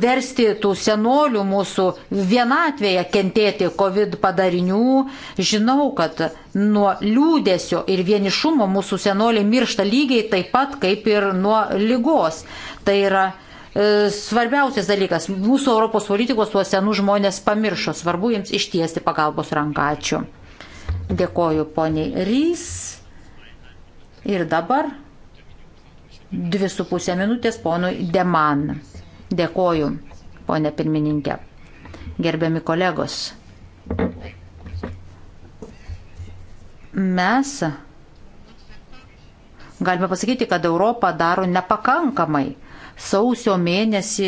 versti tų senolių mūsų vienatvėje kentėti COVID padarinių. Žinau, kad nuo liūdėsio ir vienišumo mūsų senoliai miršta lygiai taip pat kaip ir nuo lygos. Tai yra E, svarbiausias dalykas. Mūsų Europos politikos tuos senų žmonės pamiršo. Svarbu jiems ištiesti pagalbos ranką. Ačiū. Dėkoju poniai Rys. Ir dabar dvi su pusė minutės ponui Deman. Dėkoju, ponė pirmininkė. Gerbiami kolegos. Mes galime pasakyti, kad Europa daro nepakankamai Sausio mėnesį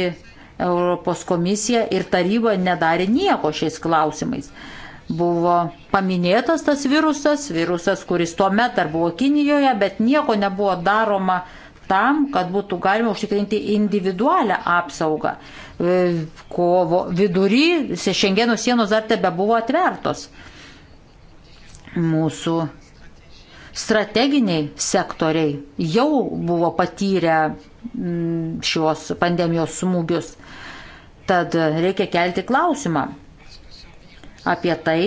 Europos komisija ir taryba nedarė nieko šiais klausimais. Buvo paminėtas tas virusas, virusas, kuris tuo metu dar buvo Kinijoje, bet nieko nebuvo daroma tam, kad būtų galima užtikrinti individualią apsaugą. E, kovo vidury Šengeno sienos dar tebe buvo atvertos. Mūsų strateginiai sektoriai jau buvo patyrę mm, šios pandemijos smūgius. Tad reikia kelti klausimą apie tai,